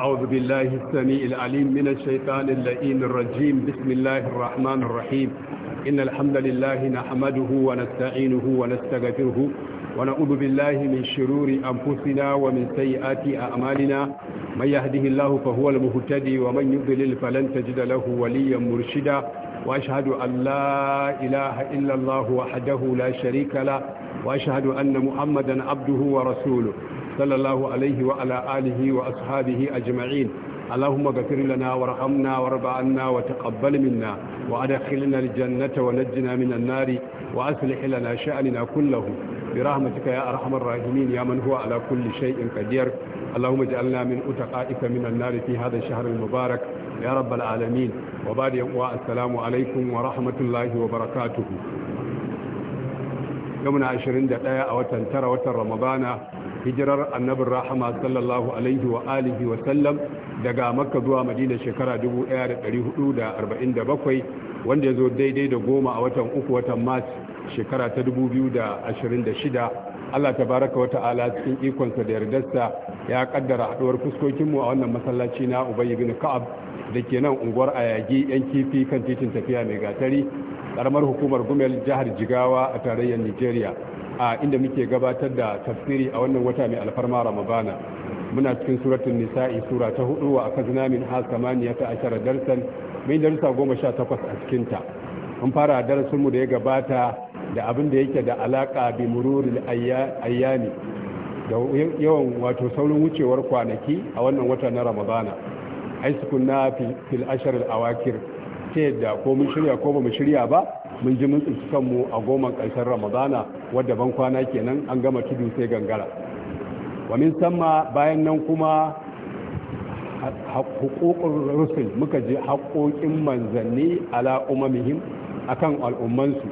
أعوذ بالله السميع العليم من الشيطان اللئيم الرجيم بسم الله الرحمن الرحيم إن الحمد لله نحمده ونستعينه ونستغفره ونعوذ بالله من شرور أنفسنا ومن سيئات أعمالنا من يهده الله فهو المهتدي ومن يضلل فلن تجد له وليا مرشدا وأشهد أن لا إله إلا الله وحده لا شريك له وأشهد أن محمدا عبده ورسوله sallallahu alaihi wa ala alihi wa ashabihi ajma'in allahumma ghafir lana warhamna warba'anna wa taqabbal minna wa adkhilna aljannata wa najjina minan nari wa aslih lana sha'nana kullahu bi rahmatika ya arhamar rahimin ya man huwa ala kulli shay'in qadir allahumma ij'alna min utaqaika minan nari fi hadha ash-shahr al-mubarak ya rabbal alamin wa ba'd wa assalamu alaykum wa rahmatullahi wa barakatuh yawm 21 a watan tara watan ramadana hijirar annabin rahama sallallahu alaihi wa alihi wa sallam daga makka zuwa madina shekara 1447 wanda ya zo daidai da goma a watan uku watan mars shekara ta 2026 allah ta baraka wata ala cikin ikonsa da yardarsa ya kaddara haduwar fuskokinmu a wannan masallaci na ubayi bin ka'ab da ke nan unguwar ayagi yan kifi kan titin tafiya mai gatari karamar hukumar gumel jihar jigawa a tarayyar nigeria a inda muke gabatar da tafsiri a wannan wata mai alfarma ramadana muna cikin suratun nisa'i sura ta hudu wa aka zina min ha samaniya ta ashara darsan mai darsa goma sha takwas a cikinta an fara darasinmu da ya gabata da abin da yake da alaka bi mururul ayyami da yawan wato saurin wucewar kwanaki a wannan wata na ramadana aisukun na fil ashar al awakir ta yadda ko mun shirya ko ba mu shirya ba mun ji mun tsinci kanmu a goman ƙarshen ramadana wadda ban kwana kenan an gama tudu sai gangara wa min sama bayan nan kuma hukukun rusul muka ji haƙoƙin manzanni ala umamihim akan al'ummansu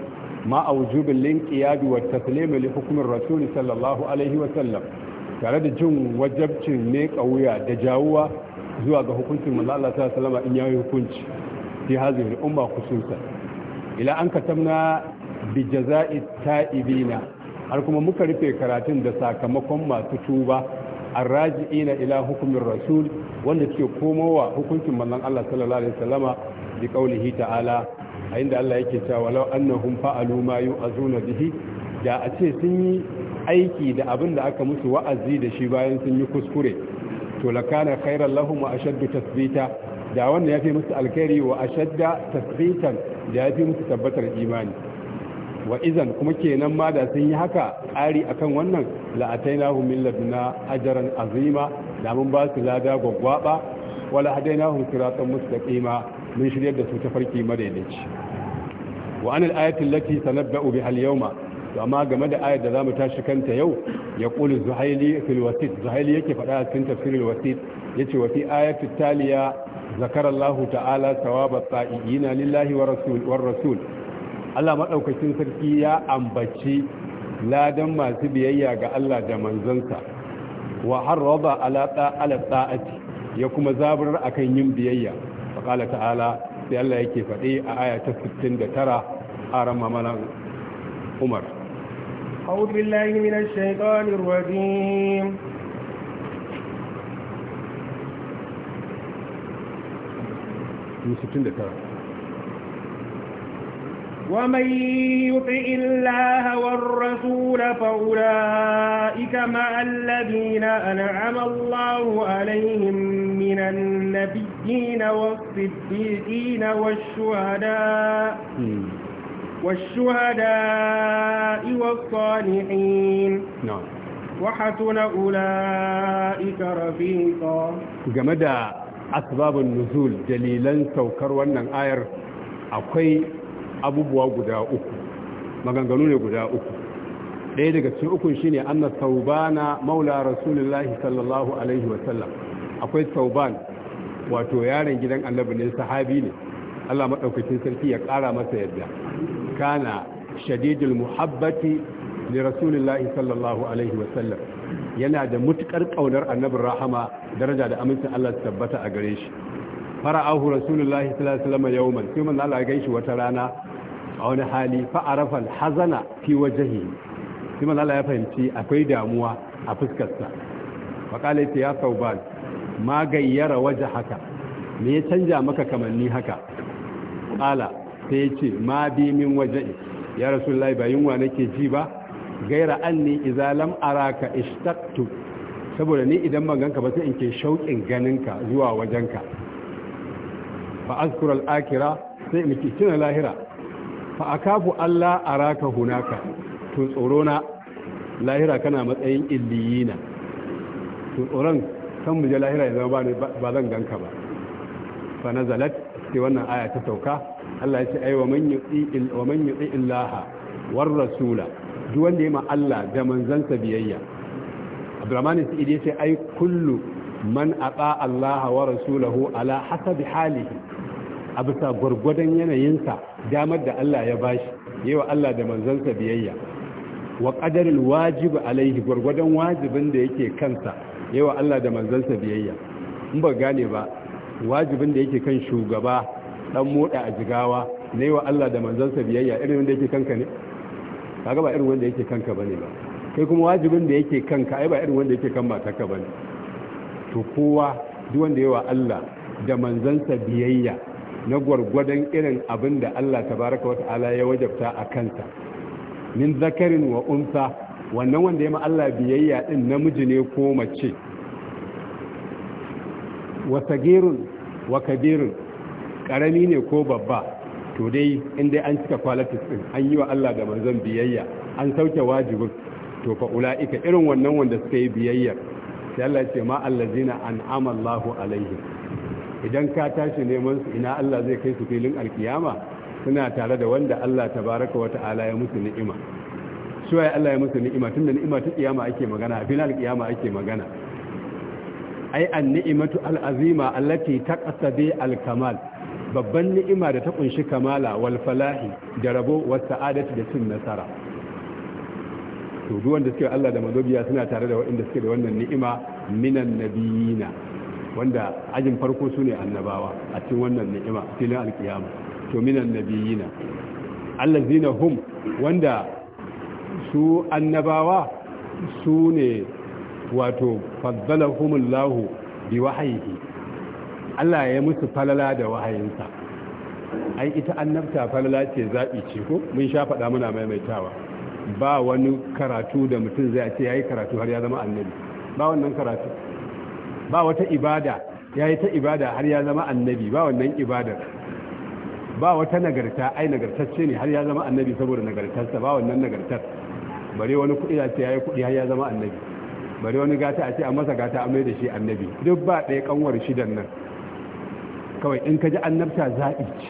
ma a wujubin bi wa taslimi li hukumin rasul sallallahu alaihi wa sallam tare da jin wajabcin ne wuya da jawuwa zuwa ga hukuncin manzo Allah sallallahu alaihi wa sallam in yayi hukunci في هذه الأمة خصوصا إلى أن كتمنا بجزاء التائبين أركم مكرفة كراتين دساك مكم ما تتوبة الراجعين إلى حكم الرسول والتي قوموا حكم من الله صلى الله عليه وسلم بقوله تعالى عند الله يكتا ولو أنهم فعلوا ما يؤذون به da a ce sun yi aiki da abin da aka musu wa'azi da shi bayan sun yi kuskure to lakana khairan lahum wa ashaddu tasbita da wannan ya fi musu alkhairi wa shadda tasbitan da ya fi musu tabbatar imani wa izan kuma kenan ma da sun yi haka ƙari akan wannan la'atainahum min laduna ajran azima da mun ba su lada gwaggwaba wala hadainahum siratan mustaqima mun shiryar da su ta farki madaidaici wa anil ayati allati sanabba'u biha al-yawma to amma game da ayar da zamu tashi kanta yau ya ƙuli zuhaili fil zuhaili yake faɗa a cikin tafsirul wasit yace wa fi ayati taliya zakar Allah ta'ala sawaba sa'iina lillahi wa rasul war rasul Allah madaukakin sarki ya ambaci ladan masu biyayya ga Allah da manzansa wa harraba ala ta'ala ta'ati ya kuma zaburar akan yin biyayya faqala ta'ala sai Allah yake faɗi a aya ta 69 a ramamalan Umar أعوذ بالله من الشيطان الرجيم ومن يطع الله والرسول فأولئك مع الذين أنعم الله عليهم من النبيين والصديقين والشهداء والشهداء والصالحين نعم وحسن أولئك رفيقا جمدا asbabun nuzul dalilan saukar wannan ayar akwai abubuwa guda uku maganganu ne guda uku ɗaya daga cikin ukun shine anna saubana maula rasulullahi sallallahu alaihi wasallam akwai sauban wato yaron gidan annabi ne sahabi ne Allah madaukakin sarki ya ƙara masa yadda kana shadidul muhabbati li rasulillahi sallallahu alaihi wasallam yana da mutukar kaunar annabin rahama daraja da amincin Allah su tabbata a gare shi fara'ahu rasulullahi sallallahu alaihi wasallam yawman sai manzo Allah ya gaishe wata rana a wani hali fa arafa hazana fi wajhihi sai manzo Allah ya fahimci akwai damuwa a fuskarsa fa ta ya sauban ma gayyara wajhaka me ya canja maka kamanni haka kala sai ya ce ma bi min waje ya rasulullahi ba yunwa nake ji ba gaira anni idza lam araka ishtaqtu saboda ni idan ban ganka ba sai in ke shauƙin ganinka zuwa wajenka fa azkura al-akira sai in ki tuna lahira fa akafu Allah araka hunaka to tsoro na lahira kana matsayin illiyina to tsoron kan mu je lahira ya zama ba zan ganka ba fa nazalat sai wannan aya ta sauka Allah ya ce ai wa man yuti illaha war rasula duk wanda ya ma Allah da manzansa biyayya Abdurrahman Sa'id sai ai kullu man ata Allah wa rasulahu ala hasabi halihi a bisa gwargwadon yanayinsa damar da Allah ya bashi yawa Allah da manzansa biyayya wa qadaril wajib alaihi gurgudan wajibin da yake kansa yawa Allah da manzansa biyayya in ba gane ba wajibin da yake kan shugaba dan moda a jigawa na wa Allah da manzansa biyayya irin wanda yake kanka ne kaga ba irin wanda yake kanka bane ba kai kuma wajibin da yake kanka ai ba irin wanda yake kan matarka bane to kowa duk wanda yawa Allah da manzansa biyayya na gwargwadon irin abin da Allah tabaraka wa ta'ala ya wajabta a kansa min zakarin wa unsa wannan wanda ya ma Allah biyayya din namiji ne ko mace wa sagirun wa kabirun karami ne ko babba to dai inda an cika qualities din an yi wa Allah da manzon biyayya an sauke wajibin to fa ulaika irin wannan wanda suka yi biyayya sai Allah ya ce ma allazina an'ama Allahu alaihi. idan ka tashi neman su ina Allah zai kai su filin alkiyama suna tare da wanda Allah tabaraka wata'ala ya musu ni'ima suwaye Allah ya musu ni'ima tunda ni'ima ta kiyama ake magana a filin alkiyama ake magana ai an ni'imatu al'azima allati taqtadi al-kamal babban ni'ima da ta kunshi kamala wal falahi da rabo wa Sa'adatu da cin nasara to duk wanda suke Allah da mazobiya suna tare da waɗanda suke da wannan ni'ima minan nabiyina wanda ajin farko su ne annabawa a cikin wannan ni'ima filin alkiyama to minan nabiyina allazina hum wanda su annabawa su ne wato faddalahumullahu bi wahayihi Allah ya musu falala da wahayinsa ai ita annabta falala ce zaɓi ce ko mun sha faɗa muna maimaitawa ba wani karatu da mutum zai ce ya yi karatu har ya zama annabi ba wannan karatu ba wata ibada ya yi ta ibada har ya zama annabi ba wannan ibadar ba wata nagarta ai nagartacce ne har ya zama annabi saboda nagartarsa ba wannan nagartar bare wani kuɗi a ce ya yi kuɗi har ya zama annabi bare wani gata a ce a masa gata a mai da shi annabi duk ba ɗaya kanwar shidan nan kawai in ka ji annabta zaɓi ce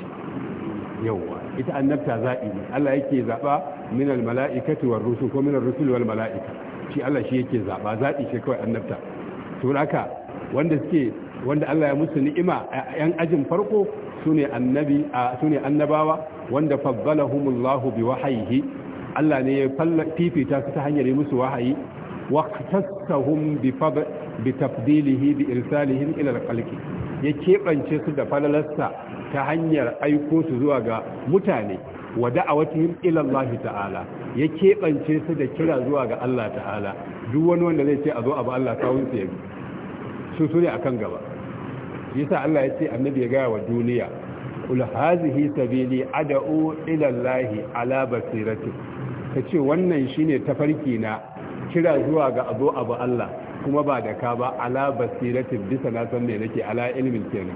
yawwa ita annabta zaɓi ne Allah yake zaɓa min almala'ikati war rusul ko min ar-rusul wal mala'ika shi Allah shi yake zaɓa zaɓi ce kawai annabta to haka wanda suke wanda Allah ya musu ni'ima yan ajin farko sune annabi sune annabawa wanda faddalahumullahu biwahyihi Allah ne ya fifita su ta hanyar musu wahayi waqtasahum bi fad bi tafdilihi bi irsalihim ila al ya kebance su da falalarsa ta hanyar aiko su zuwa ga mutane wa da'awatihim ila Allah ta'ala ya kebance su da kira zuwa ga Allah ta'ala duk wani wanda zai ce a zo abu Allah kawun sa yabi su su ne akan gaba yasa Allah ya ce annabi ya gaya wa duniya qul hazihi sabili ad'u ila Allah ala basirati kace wannan shine tafarki na kira zuwa ga azo abu Allah kuma ba da ka ba ala basiratin bisa na san me nake ala ilmin kenan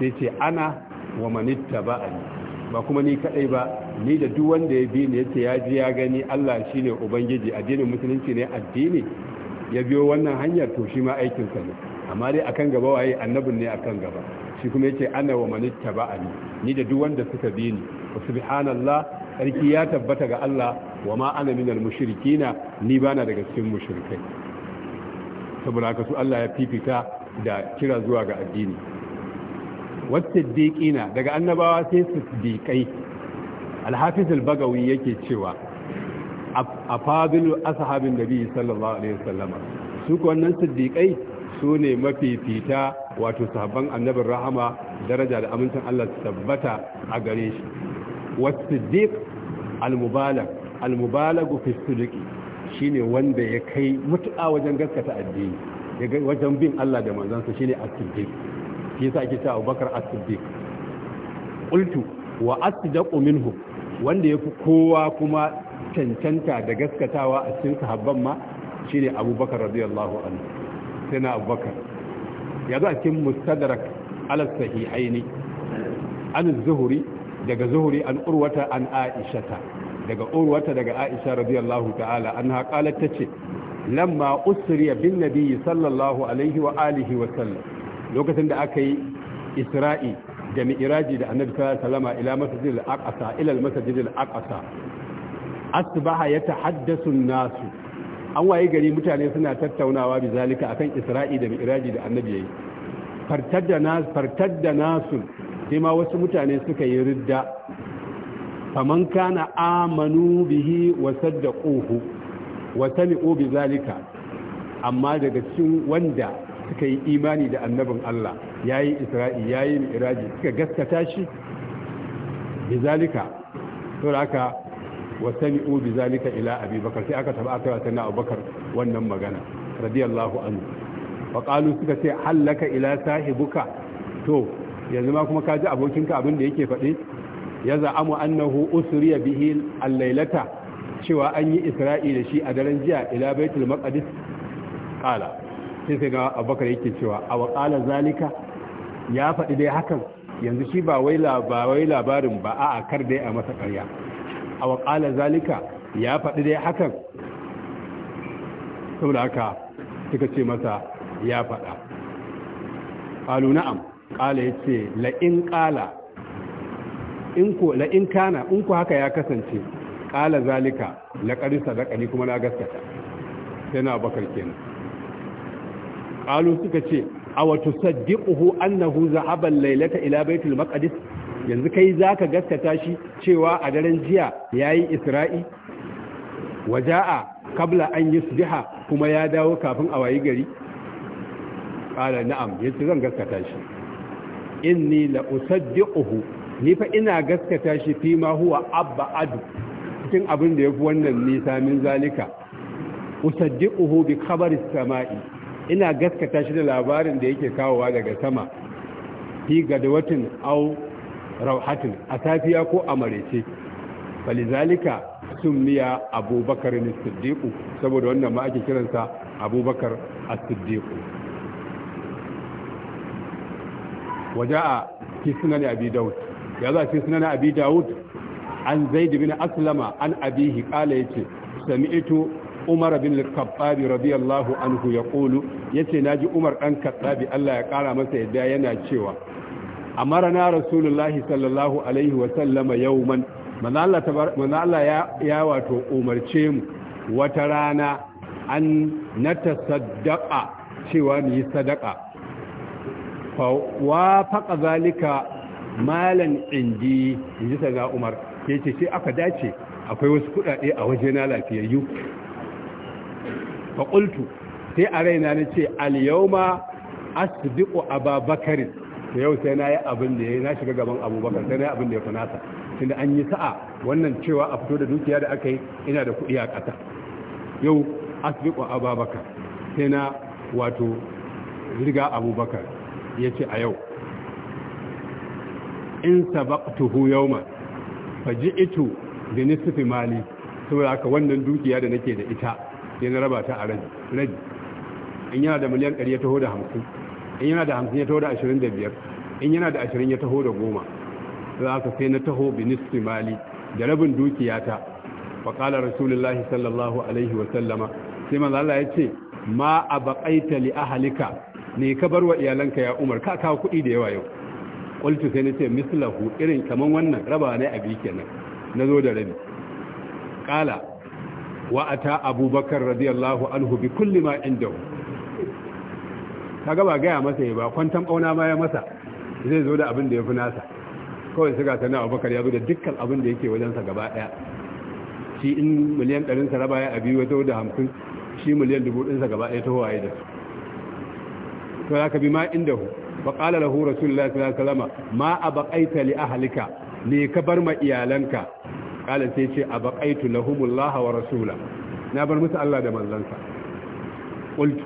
sai ce ana wa manitta ali ba kuma ni kadai ba ni da duk wanda ya bi ni yace ya ji ya gani Allah shine ubangiji addinin musulunci ne addini ya biyo wannan hanyar to shi ma aikin sa ne amma dai akan gaba waye annabin ne akan gaba shi kuma yace ana wa manitta ali ni da duk wanda suka bi ni subhanallah sarki ya tabbata ga Allah wa ma ana minal mushrikina ni bana daga cikin mushrikai saboda haka su Allah ya fifita da kira zuwa ga addini wasiddiqina daga annabawa sai su al-hafiz al-bagawi yake cewa a afadilu ashabin nabi sallallahu alaihi wasallam su ko wannan siddiqai su ne mafifita wato sahabban annabin rahama daraja da amincin Allah tabbata a gare shi wasiddiq al-mubalag almubalagu fi sudiki shine wanda ya kai mutu'a wajen gaskata addini wajen bin Allah da manzansa shine as-siddiq shi yasa ake cewa Abubakar as-siddiq qultu wa asdaqu minhu wanda yafi kowa kuma cancanta da gaskatawa a cikin sahabban ma shine Abubakar radiyallahu anhu sai Abubakar ya zo a cikin mustadrak ala sahihaini an zuhuri daga zuhuri an urwata an aishata daga urwata daga aisha radiyallahu ta'ala anha qalat tace lamma usriya bin nabiy sallallahu alaihi wa alihi wa sallam lokacin da aka yi isra'i da mi'raji da annabi sallama alaihi ila masjidil aqsa ila masjidil aqsa asbaha yatahaddathu an-nas an waye gari mutane suna tattaunawa bi zalika akan isra'i da mi'raji da annabi yayi fartadda nas fartadda nasu sai ma wasu mutane suka yi ridda faman kana amanu bihi Wasadda saddaqohu wa sami'u bi zalika amma daga cikin wanda suka yi imani da annabin Allah yayi isra'i yi mi'raji suka gaskata shi bi zalika to aka wa sami'u bi zalika ila abi bakar sai aka taba aka wa na abubakar wannan magana radiyallahu anhu wa suka ce hallaka ila sahibuka to yanzu ma kuma ka ji abokinka abin da yake faɗi ya za'amu annahu usriya bihi al-lailata cewa an yi isra'i da shi a daren jiya ila baitul maqdis qala sai sai ga abubakar yake cewa a qala zalika ya faɗi dai hakan yanzu shi ba wai labarin ba a kar dai a masa ƙarya a qala zalika ya faɗi dai hakan saboda haka suka ce masa ya faɗa qalu na'am ƙala yace, la la'in ƙala in ko la in kana in ko haka ya kasance qala zalika laqad ni kuma na gaskata sai na bakar kenan qalu suka ce aw saddiquhu annahu zahaba al-laylata ila baytil maqdis yanzu kai zaka gaskata shi cewa a daren jiya yayi isra'i waja'a kabla an yusbiha kuma ya dawo kafin a wayi gari qala na'am yace zan gaskata shi inni la usaddiquhu ni fa ina gaskata shi fi ma huwa abba adu cikin abin da ya fi wannan nisa min zalika usaddiquhu bi khabari samai ina gaskata shi da labarin da yake kawowa daga sama fi gadawatin au rauhatin a safiya ko a marece falizalika miya abubakar ne siddiqu saboda wannan ma ake kiransa abubakar as siddiq waja'a fi sunan abi daud ya za fi sunan abi dawud an zaid bin aslama an abihi qala yace sami'tu umar bin al-khattab radiyallahu anhu yaqulu yace naji umar dan khattabi Allah ya kara masa yadda yana cewa amarna rasulullahi sallallahu alaihi wa sallama yawman manzo Allah ya ya wato umarce mu wata rana an natasaddaqa cewa ni sadaqa fa wa faqa zalika Malam indi in ji umar Ke ce ce aka dace akwai wasu kudade a waje na lafiyayyu faƙultu sai a raina na ce aliyauma asibiku ababakarin da yau sai na yi abin da ya yi na shiga gaban abubakar sai na yi abin da ya kunasa da an yi sa'a wannan cewa a fito da dukiya da aka yi ina da kuɗi a ƙasa yau asibiku ababakar sai na wato riga abubakar ya ce a yau in sabaqtuhu yawma faji'tu bi nisfi mali saboda haka wannan dukiya da nake da ita sai na raba ta a rabi in yana da miliyan 100 ya taho da 50 in yana da 50 ya taho da 25 in yana da 20 ya taho da 10 sai haka sai na taho bi nisfi mali da rabin ta fa qala rasulullahi sallallahu alaihi wa sallama sai manzo Allah ya ce ma abaqaita li ahlika ne ka bar wa iyalanka ya Umar ka kawo kuɗi da yawa yau qultu sai nace mislahu irin kaman wannan raba ne abi kenan nazo da rabi qala wa ata abubakar radiyallahu anhu bi kulli ma indahu kaga ba gaya masa ba kwantan auna ma ya masa zai zo da abin da yafi nasa kawai suka na abubakar ya zo da dukkan abin da yake wajensa gaba daya shi in miliyan 100 sa raba ya abi wato da 50 shi miliyan din sa gaba daya ta waye da su to zaka bi ma indahu fa qala lahu rasulullahi sallallahu alaihi wasallam ma abaqaita li ahlika me ka bar ma iyalanka qala sai ce a baƙaitu abaqaitu lahumullaha wa rasula na bar musu Allah da manzansa qultu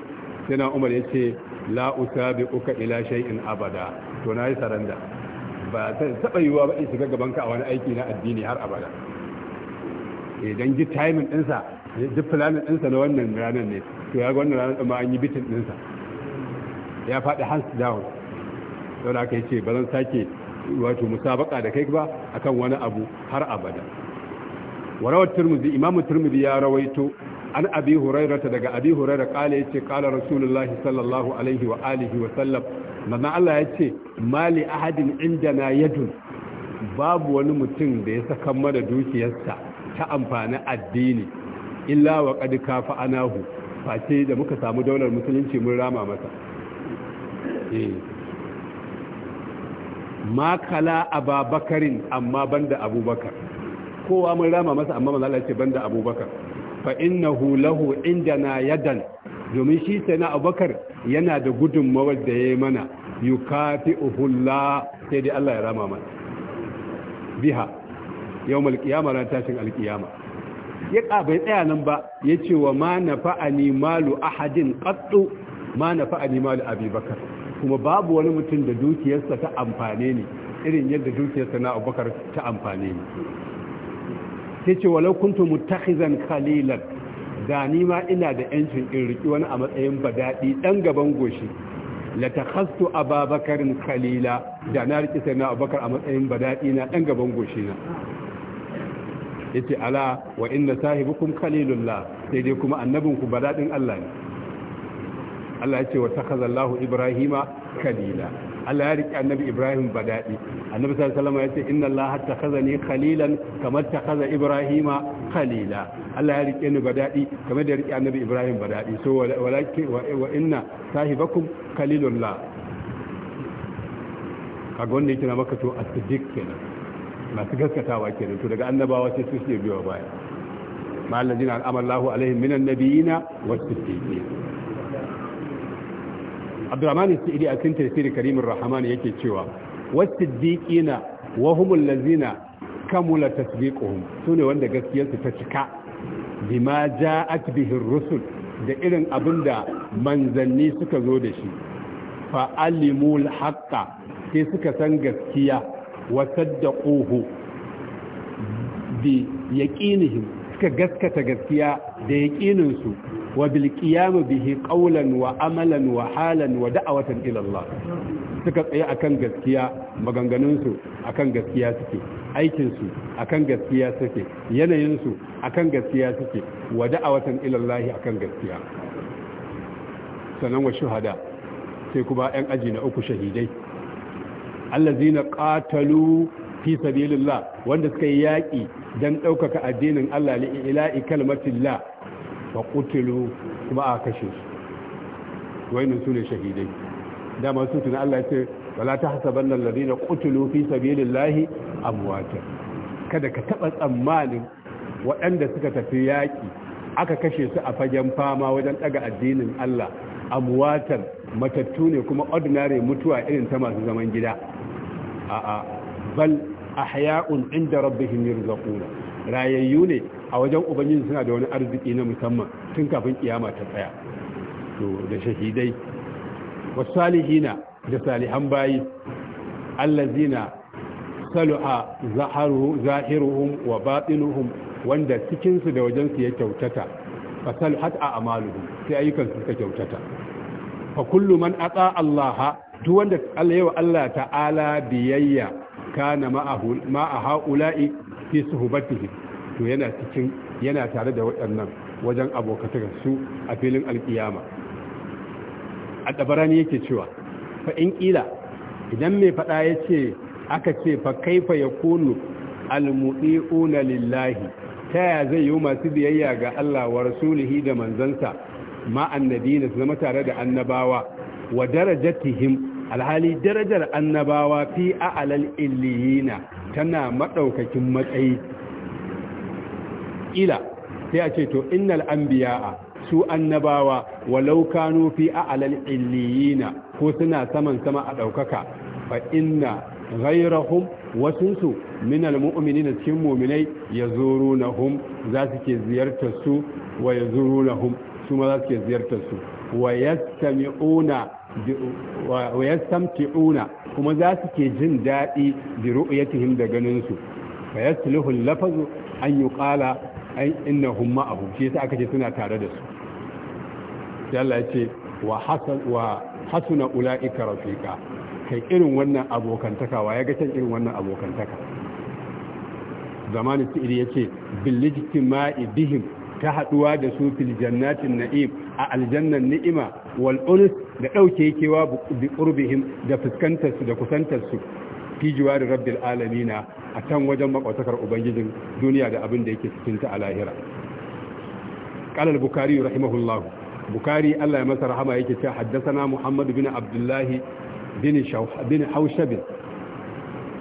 Umar ya ce, yace la uka ila shay'in abada to na yi saranda ba ta taɓa yiwuwa ba in shiga gaban ka a wani aiki na addini har abada idan eh, ji timing ɗinsa duk planin ɗinsa na wannan ranar ne to ya ga wannan ranar ɗin ma an yi bitin ɗinsa ya faɗi hands down don aka yi ce ba sake wato musabaka da kai ba akan wani abu har abada warawar turmuzi imamu turmuzi ya rawaito an abi hurairata daga abi hurairar kala ya ce kala rasulullahi sallallahu alaihi wa alihi wa sallam Allah ya ce mali ahadin na yadu babu wani mutum da ya saka mana dukiyarsa ta amfani addini illa wa kadi kafa anahu face da muka samu daular musulunci mun rama masa eh. Ma kala ababakarin amma banda abubakar kowa mun rama masa amma manzo Allah ya ce banda abubakar fa innahu lahu indana yadan domin shi sai na abubakar yana da gudunmawar da ya yi mana yukafi uhulla sai dai Allah ya rama mana biha yau malkiyama ran tashin alkiyama ya bai tsaya nan ba ya ce wa ma na malu ahadin ƙattu ma na malu abubakar kuma babu wani mutum da dukiyarsa ta amfane ne irin yadda dukiyarsa na abubakar ta amfane ne sai ce walau kuntu mutakhizan khalilan da ni ma ina da yancin in riki wani a matsayin badadi dan gaban goshi la takhastu ababakarin kalila da na riki sai na abubakar a matsayin badadi na dan gaban goshi na yace ala wa inna sahibukum khalilullah sai dai kuma annabinku badadin Allah ne Allah ya ce wa ta Allahu Ibrahima khalila Allah ya rike annabi Ibrahim badadi annabi sallallahu alaihi wasallam ya ce inna Allah ne khalilan kamar ta takhaza Ibrahima khalila Allah ya rike ni badadi kamar da rike annabi Ibrahim badadi so walakin wa inna sahibakum khalilullah kaga wanda yake na maka to as-siddiq kenan masu gaskatawa kenan to daga annabawa sai su ke biyo baya ma allazina Allahu alaihim minan nabiyina was-siddiqin abdurrahman sa'idi a cikin tafsir karimin rahman yake cewa wasiddiqina wa humul ladzina kamula tasdiquhum sune wanda su ta cika bima ja'at bihi ar-rusul da irin abinda manzanni suka zo da shi fa alimul haqqa sai suka san gaskiya wa saddaquhu bi yaqinihim suka gaskata gaskiya da yaqininsu wa bil qiyam bihi qawlan wa amalan wa halan wa da'watan ila Allah suka tsaye akan gaskiya maganganun su akan gaskiya suke aikin su akan gaskiya suke yanayin su akan gaskiya suke wa da'watan ila Allah akan gaskiya sanan wa shuhada sai kuma ɗan aji na uku shahidai allazina qatalu fi sabilillah wanda suka yi yaƙi don ɗaukaka addinin Allah li ila'i kalmatillah wa kutulu kuma a kashe su wani su ne shahidai dama su tuna Allah ce wala ta hasaban nan na kutulu fi sabilillahi abuwatar. kada ka taɓa tsammanin waɗanda suka tafi yaƙi aka kashe su a fagen fama wajen ɗaga addinin Allah abuwatar matattu ne kuma ordinary mutuwa irin ta masu zaman gida a'a bal ahya'un inda rabbihim yarzuquna rayayyu ne a wajen ubangiji suna da wani arziki na musamman tun kafin kiyama ta tsaya to da shahidai wasu salihina da salihan bayi allazina salu'a zahiruhum wa batinuhum wanda cikinsu da wajensu ya kyautata fa saluhat a amaluhum sai ayyukansu suka kyautata fa kullu man ata Allah duk wanda Allah yawa Allah ta'ala biyayya kana ma'a ha'ula'i fi suhbatihi to yana cikin yana tare da waɗannan wajen abokatar su a filin alƙiyama. a ɗabarani yake cewa fain ƙila idan mai faɗa ya ce aka ce fa kaifa ya kunu una lillahi ta yaya zai yi masu biyayya ga Allah wa rasulihi da manzansa ma annabi su zama tare da annabawa wa darajatihim alhali darajar annabawa fi a'lal illiyina tana maɗaukakin matsayi kila sai a ce to innal anbiya'a su annabawa walau kanu fi a'lal illiyina ko suna saman sama a daukaka fa inna ghayrahum wasunsu min almu'minina cikin mu'minai yazurunahum za su ke ziyartar su wa yazurunahum su ma za su ke ziyartar su wa yastami'una wa yastamti'una kuma za su ke jin daɗi bi ru'yatihim da ganin su fa yasluhu lafazu an yuqala ai innahum ma'ahu shi yasa aka ce suna tare da su Yalla ce wa hasan wa hasuna ulaika rafiqa kai irin wannan abokantaka wa ya ga can irin wannan abokantaka zamanin sa'idi yace bilijtima'i bihim ta haduwa da su fil jannatin na'im a aljannan ni'ima wal da dauke kewa bi qurbihim da fuskantarsu da kusantarsu. fi jiwari rabbil alamina a can wajen makwatakar ubangijin duniya da abin da yake cikin ta a lahira qala al-bukhari rahimahullah bukhari Allah ya masa rahama yake cewa haddathana muhammad bin abdullahi bin shawh bin hawshab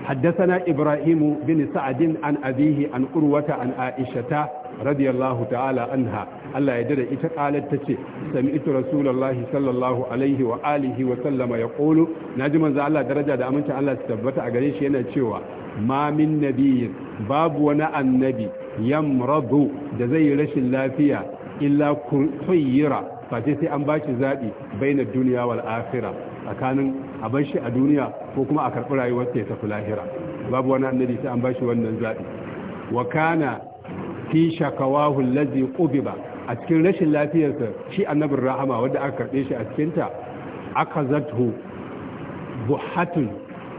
haddathana ibrahim bin sa'd an abihi an urwata an aishata radiyallahu ta'ala anha Allah ya dada ita kalar ta ce sami'tu rasulullahi sallallahu alaihi wa alihi wa sallama ya qulu naji manzo Allah daraja da aminci Allah su tabbata a gare shi yana cewa ma min babu wani annabi yamradu da zai yi rashin lafiya illa kuyira face sai an bashi zabi baina duniya wal akhirah tsakanin a bar shi a duniya ko kuma a karɓi ta ya tafi lahira babu wani annabi sai an bashi wannan zabi wa kana fi shakawahu ubi ba. a cikin rashin lafiyarsa shi annabin rahama wanda aka karɓe shi a cikin ta aka zathu buhatun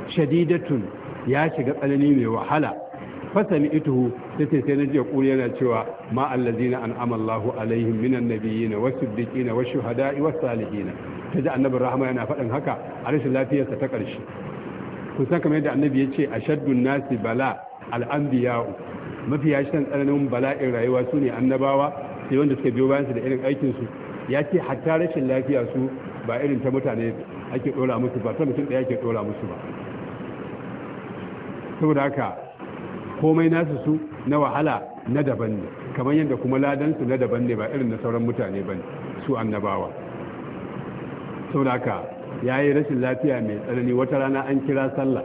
shadidatun ya shiga tsanani mai wahala fasali ituhu tace sai na jiya kuri yana cewa ma na an'ama Allahu alaihim minan na wasu na, wasu hada'i wasu salihi na. ta ji annabin rahama yana faɗin haka a rashin lafiyarsa ta ƙarshe kun kamar yadda annabi yace shaddun nasi bala al-anbiya'u mafiya shan tsananin bala'in rayuwa su ne annabawa sai wanda suka biyo bayansu da irin aikinsu ya ce hatta rashin lafiya su ba irin ta mutane ake ɗora musu ba ta mutum ɗaya ake ɗora musu ba saboda haka komai nasu su na wahala na daban ne kamar yadda kuma ladansu na daban ne ba irin na sauran mutane ba su annabawa saboda haka ya yi rashin lafiya mai tsanani wata rana an kira sallah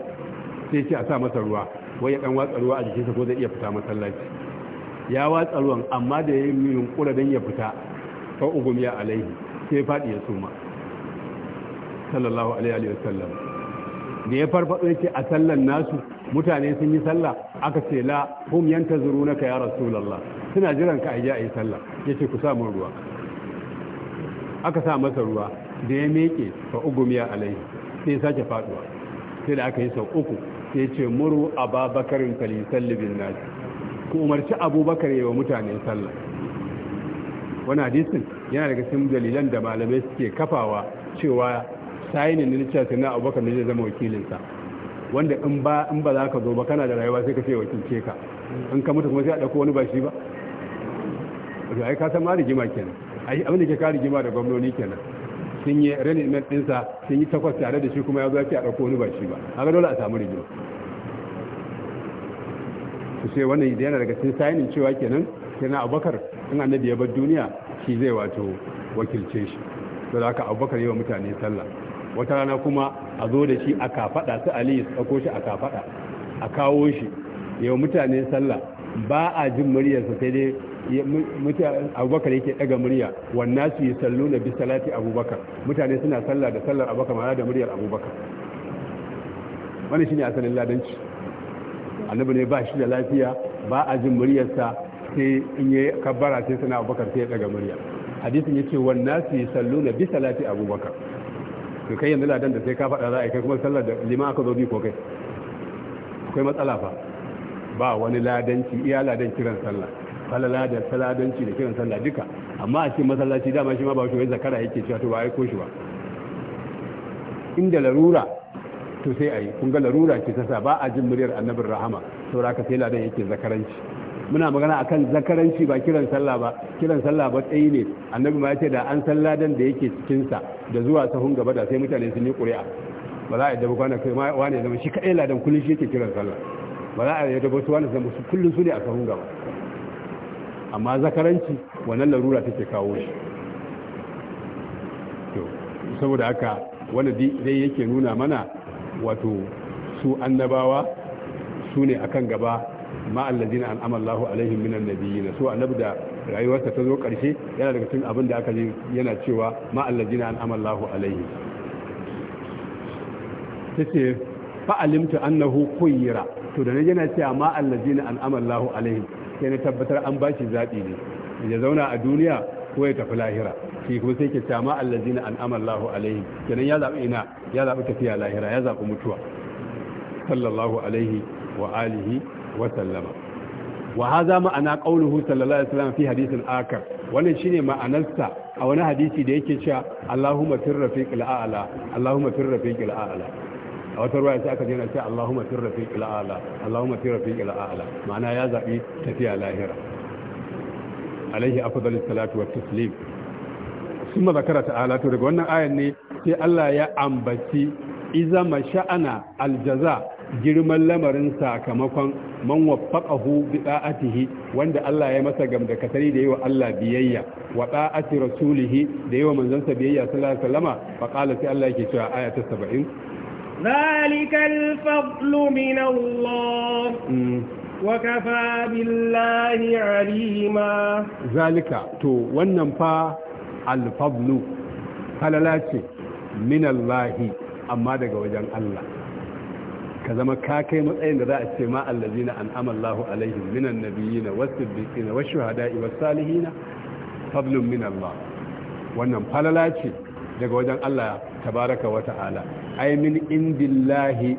sai ce a sa masa ruwa wai ya dan watsa ruwa a jikinsa ko zai iya fita masallaci ya watsa ruwan amma da ya yi yunkura don ya fita fa ya alaihi sai faɗi ya suma sallallahu alaihi wa sallam da ya farfaɗo yake a sallan nasu mutane sun yi sallah aka ce la hum yantazurunaka ya rasulullah suna jiran ka aje ayi sallah yace ku sa mun ruwa aka sa masa ruwa da ya meke fa ya alaihi sai sake faduwa sai da aka yi sau uku sai ce muru a babakarin falisalli bin nasi ku umarci abubakar yi wa mutane sallah wani hadisin yana daga cikin dalilan da malamai suke kafawa cewa sayinin da nace sai na abubakar ne zai zama wakilinsa wanda in ba in ba za ka zo ba kana da rayuwa sai ka ce wakilce ka in ka mutu kuma sai a dauko wani ba shi ba to ai ka san ma rigima kenan ai abin da ke ka rigima da gwamnoni kenan sun yi reniment ɗinsa sun yi takwas tare da shi kuma ya zo ya a ɗauko wani ba shi ba haka dole a samu rigima su sai wannan idan yana daga cikin sayanin cewa kenan sai na abubakar in annabi ya bar duniya shi zai wato wakilce shi to da haka abubakar yi wa mutane sallah wata rana kuma a zo da shi a kafaɗa su aliyu su ɗauko shi a kafaɗa a kawo shi yau mutane sallah ba a jin muryarsa sai dai abubakar yake daga murya wannan su yi sallu na bisalati abubakar mutane suna sallah da sallar abubakar mara da muryar abubakar wani shi ne asalin ladanci annabi ne ba shi da lafiya ba a jin muryarsa sai in yi kabbara sai suna abubakar sai ya daga murya hadisin ce wannan su yi sallu na bisalati abubakar to kai yanzu ladan da sai ka faɗa za a yi kai kuma sallar da liman aka zo bi ko kai akwai matsala fa ba wani ladanci iya ladan kiran sallah falala da saladanci da kiran sallah duka amma a cikin masallaci dama shi ma ba shi wai zakara yake cewa to ba aiko shi ba inda larura to sai a yi kun ga larura ce ta sa ba a jin muryar annabin rahama saboda sai ladan yake zakaranci muna magana akan zakaranci ba kiran sallah ba kiran sallah ba tsayi ne annabi ma ya ce da an salladan da yake cikin sa da zuwa sahun gaba da sai mutane sun yi ƙuri'a ba za a yadda ba kai ma wani zama shi kaɗai ladan kullum shi yake kiran sallah ba za a yadda ba su wani zama su kullum su ne a sahun gaba amma zakaranci wannan larura take kawo shi saboda haka wanda dai yake nuna mana wato su annabawa su ne akan gaba ma'allazina an amallahu alaihim minan nabiyina so annabi da rayuwarsa ta zo karshe yana daga cikin abin da aka yi yana cewa ma'allazina an amallahu alaihim tace fa alimtu annahu kuyira to da na yana cewa ma'allazina an amallahu alaihim sai na tabbatar an ba shi zaɓi ne ya zauna a duniya ko ya tafi lahira shi kuma sai ke tama allazina an'ama lahu alaihi kenan ya zaɓi ina ya zaɓi tafiya lahira ya zaɓi mutuwa sallallahu alaihi wa alihi wa sallama wa hadha ma'ana ƙaunuhu sallallahu alaihi wasallam fi hadisin akar wannan shine ma'anarsa a wani hadisi da yake cewa Allahumma firrafiqil a'la Allahumma firrafiqil a'la a wata ruwa sai aka jina sai Allahumma fi rafiqil a'la Allahumma fi rafiqil a'la ma'ana ya zabi tafiya lahira alaihi afdalu salatu wa taslim summa zakara ta'ala to daga wannan ayan ne sai Allah ya ambaci izama sha'ana aljaza girman lamarin sakamakon man waffaqahu bi da'atihi wanda Allah ya masa katari da yawa Allah biyayya wa da'ati rasulihi da yawa manzansa biyayya sallallahu alaihi wasallama fa qala sai Allah yake cewa aya ta 70 ذلك الفضل من الله وكفى بالله عليما ذلك تو wannan fa al-fadlu halala ce min Allah amma daga wajen Allah ka zama ka kai matsayin da za a ce ma allazina an'ama Allahu alaihim minan nabiyina was-siddiqina wash-shuhada'i was-salihina fadlun min Allah wannan falala ce daga wajen Allah tabaraka wa ta'ala ay min indillahi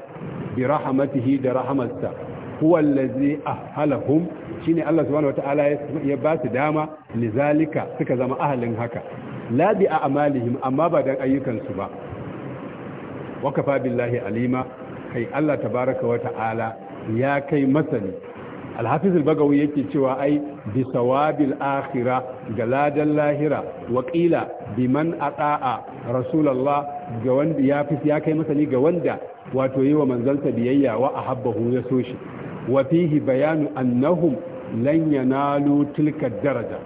bi rahmatihi da rahmatsa huwa allazi ahalahum shine Allah subhanahu wa ta'ala ya ba su dama lizalika suka zama ahalin haka la bi a'malihim amma ba dan ayyukan su ba wa kafa billahi alima kai Allah tabaraka wa ta'ala ya kai masani alhafiz bagawi yake cewa ai bi sawabil akhira ga ladan lahira wa qila biman ata'a rasulullah ga wanda ya fi ya kai masani ga wanda wato yi wa manzalta biyayya wa ahabbahu ya so shi wa fihi bayanu annahum lan yanalu tilka daraja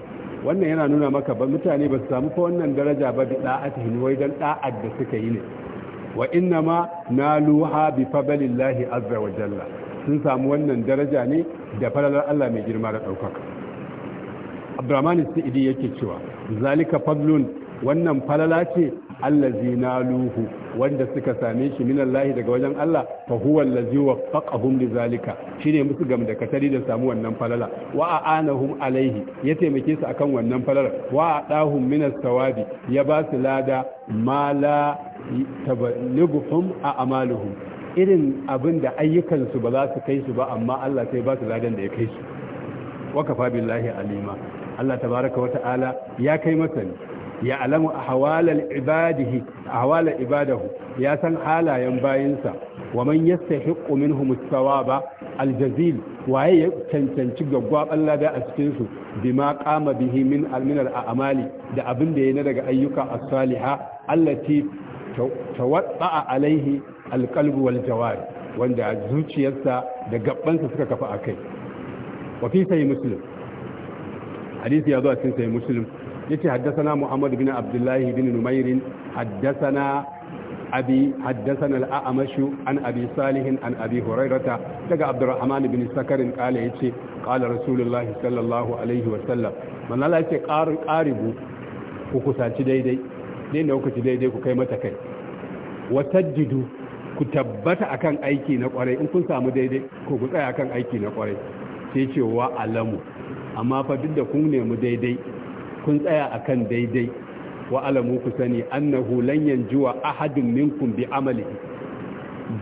wannan yana nuna maka ba mutane ba su samu fa wannan daraja ba bi da'atihim wai dan da'ad da suka yi ne wa innama ma naluha bi fadlillahi azza wa jalla sun samu wannan daraja ne da falalar Allah mai girma da ɗaukaka abdurrahman sa'idi yake cewa zalika fablun wannan falala ce Allah zina luhu, wanda suka same shi lahi daga wajen Allah fa huwa allazi waffaqahum zalika. shine musu gam da katari da samu wannan falala wa aanahum alaihi ya taimake su akan wannan falala wa adahum minas sawabi ya ba su lada ma la taballighuhum a amaluhum irin abin da ayyukansu ba za su kai su ba amma Allah sai ba su ladan da ya kai su wakafa billahi alima Allah tabaraka wata'ala ya kai masani ya alamu ahwalal ibadihi ahwalal ibadahu ya san halayen bayinsa wa man yastahiqqu minhum as-sawaba al-jazil waye ya cancanci Allah lada a cikin su bima qama bihi min al-amali da abin da yana daga ayyuka as-saliha allati tawatsa alaihi alqalbu wal jawari wanda zuciyarsa da gabbansa suka kafa akai wa fi sai muslim hadisi ya zo a cikin sai muslim yace haddathana muhammad bin abdullah bin numair haddathana abi haddathana al-a'mash an abi salih an abi hurairah daga abdurrahman bin sakar qala yace qala rasulullah sallallahu alaihi wa sallam man la yace qaribu ku kusaci daidai dai da kuka ci daidai ku kai mata kai wa tajjidu ku tabbata akan aiki na kwarai in kun samu daidai ko ku tsaya akan aiki na kwarai sai ce wa alamu amma fa duk da kun nemi daidai kun tsaya akan daidai wa alamu ku sani annahu lan yanjuwa ahadun minkum bi amalihi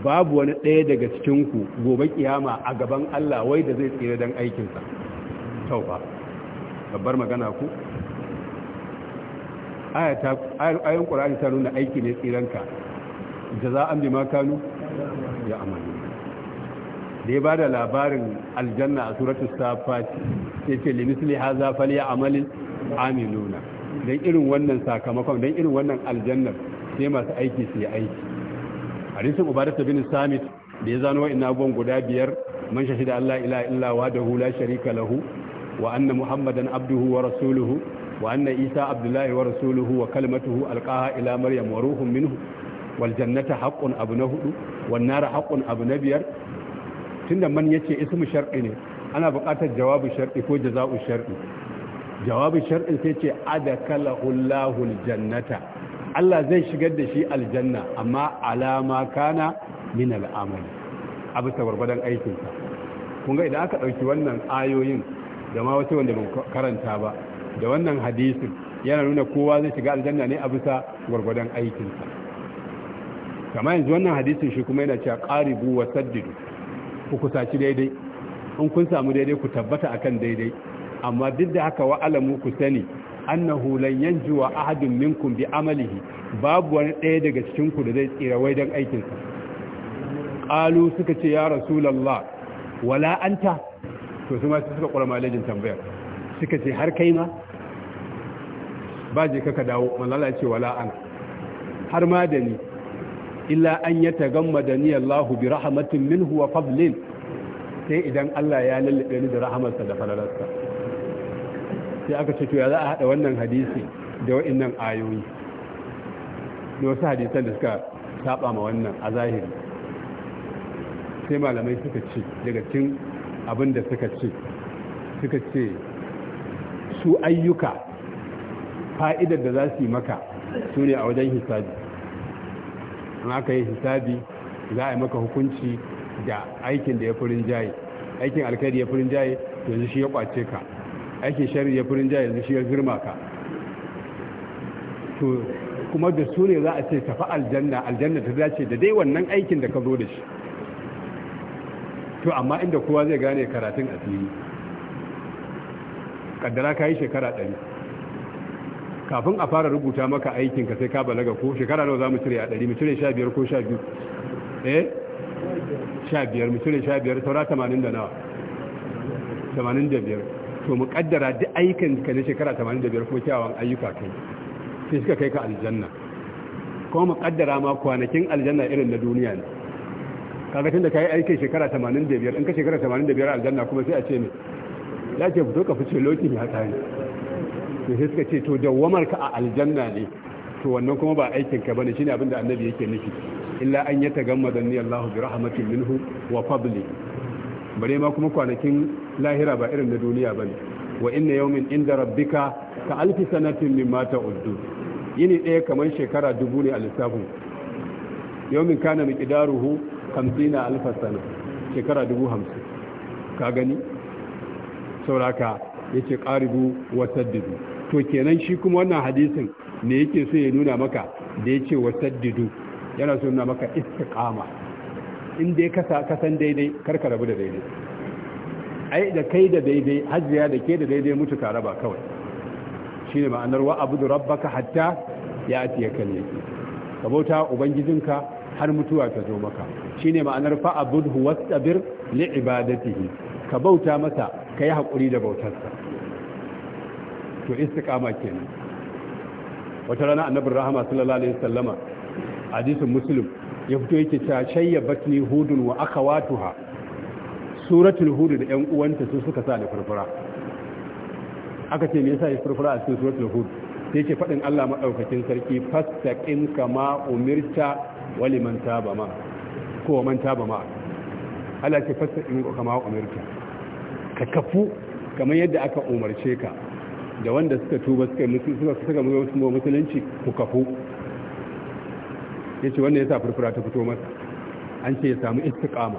babu wani ɗaya daga cikin ku gobe kiyama a gaban Allah wai da zai tsira dan aikinsa tauba babbar magana ku ayin ƙura'ani ta nuna aiki ne tsiranka da za an bi makanu ya amani da ya ba da labarin aljanna a suratun safat ya ce limisli ha zafali ya amalin aminuna don irin wannan sakamakon don irin wannan aljannar sai masu aiki su yi aiki hadisin ubarata bin samit da ya zano ina abubuwan guda biyar man shashi da allah ila illawa da hula sharika lahu wa anna muhammadan abduhu wa rasuluhu wa isa abdullahi wa rasuluhu wa kalmatuhu alqaha ila maryam wa minhu wal jannata abu na hudu wan nar abu na biyar tunda man yace ismu shar'i ne ana buƙatar jawabu shar'i ko jaza'u shar'i jawabu shar'i sai ce adakalahu Allahu aljannata Allah zai shigar da shi aljanna amma alama kana min al'amal abu ta gwargwadon aikinsa kun ga idan aka ɗauki wannan ayoyin da ma wata wanda karanta ba da wannan hadisin yana nuna kowa zai shiga aljanna ne a bisa gwargwadon aikinsa kama yanzu wannan hadisin shi kuma yana cewa qaribu wa saddidu ku kusaci daidai in kun samu daidai ku tabbata akan daidai amma duk da haka wa alamu ku sani annahu lan yanjuwa ahadun minkum bi amalihi babu wani ɗaya daga cikin ku da zai tsira wai dan aikin sa qalu suka ce ya rasulullah wala anta to su ma suka kura malajin tambayar suka ce har kai ma ba je kaka dawo manzala ce wala ana har ma da ni illa an ya tagamma da ni Allah bi rahmatin minhu wa fadlin sai idan Allah ya lallabe ni da rahamarsa da falalarsa sai aka ce to ya za a hada wannan hadisi da wa'annan ayoyi da wasu hadisan da suka saba ma wannan a zahiri sai malamai suka ce daga cikin abin da suka ce suka ce su ayyuka fa'idar da za su yi maka su ne a wajen hisabi an aka yi hisabi za a yi maka hukunci da aikin da ya furin jaye aikin alkhairi ya furin jaye yanzu shi ya kwace ka aikin shari ya furin jaye yanzu shi ya girma ka to kuma da su ne za a ce tafi aljanna aljanna ta dace da dai wannan aikin da ka zo da shi to amma inda kowa zai gane karatun asiri kaddara ka yi shekara ɗari kafin a fara rubuta maka aikin ka sai ka balaga ko shekara nawa zamu cire a 100 mu cire 15 ko 12 eh 15 mu cire 15 saura 80 da nawa 85 to mu kaddara duk aikin ka na shekara 85 kuma kyawun ayyuka kai sai suka kai ka aljanna kuma mu kaddara ma kwanakin aljanna irin na duniya ne kaga tunda kai aikin shekara 85 in ka shekara 85 aljanna kuma sai a ce ne ya ce fito ka fice lokin ya tsari to sai suka ce to dawwamar ka a aljanna ne to wannan kuma ba aikin ka bane shine abin da annabi yake nufi illa an ya tagammada ni Allah bi rahmatin minhu wa fadli bare ma kuma kwanakin lahira ba irin na duniya bane wa inna yawmin inda rabbika ka alfi sanatin mimma ta'uddu yini ɗaya kamar shekara dubu ne a lissafin yawmin kana miqdaruhu 50 alfa sana shekara dubu hamsin ka gani sauraka yace qaribu wa saddidu to kenan shi kuma wannan hadisin ne yake so ya nuna maka da ya ce wasaddidu yana so nuna maka istiqama Inda ya kasa kasan daidai karka rabu da daidai ai da kai da daidai hajjiya da ke da daidai mutu tare ba kawai shine ma'anar wa abudu rabbaka hatta ya atiya kan yake ka bauta ubangijinka har mutuwa ta zo maka shine ma'anar fa abudhu wastabir li ibadatihi ka bauta masa kai hakuri da bautarsa to istiqama kenan wata rana annabi rahama sallallahu alaihi wasallama hadisin muslim ya fito yake cewa shayya batni hudun wa akawatuha suratul hud da yan uwanta su suka sa da furfura aka ce me yasa ya furfura a cikin suratul hud sai yake fadin Allah madaukakin sarki fastaqim kama umirta waliman liman taba ma ko man taba ma Allah ce fastaqim kama umirta ka kafu kamar yadda aka umarce ka da wanda suka tuba suka suka musulunci ku kafu yace wannan yasa furfura ta fito masa an ce ya samu istiqama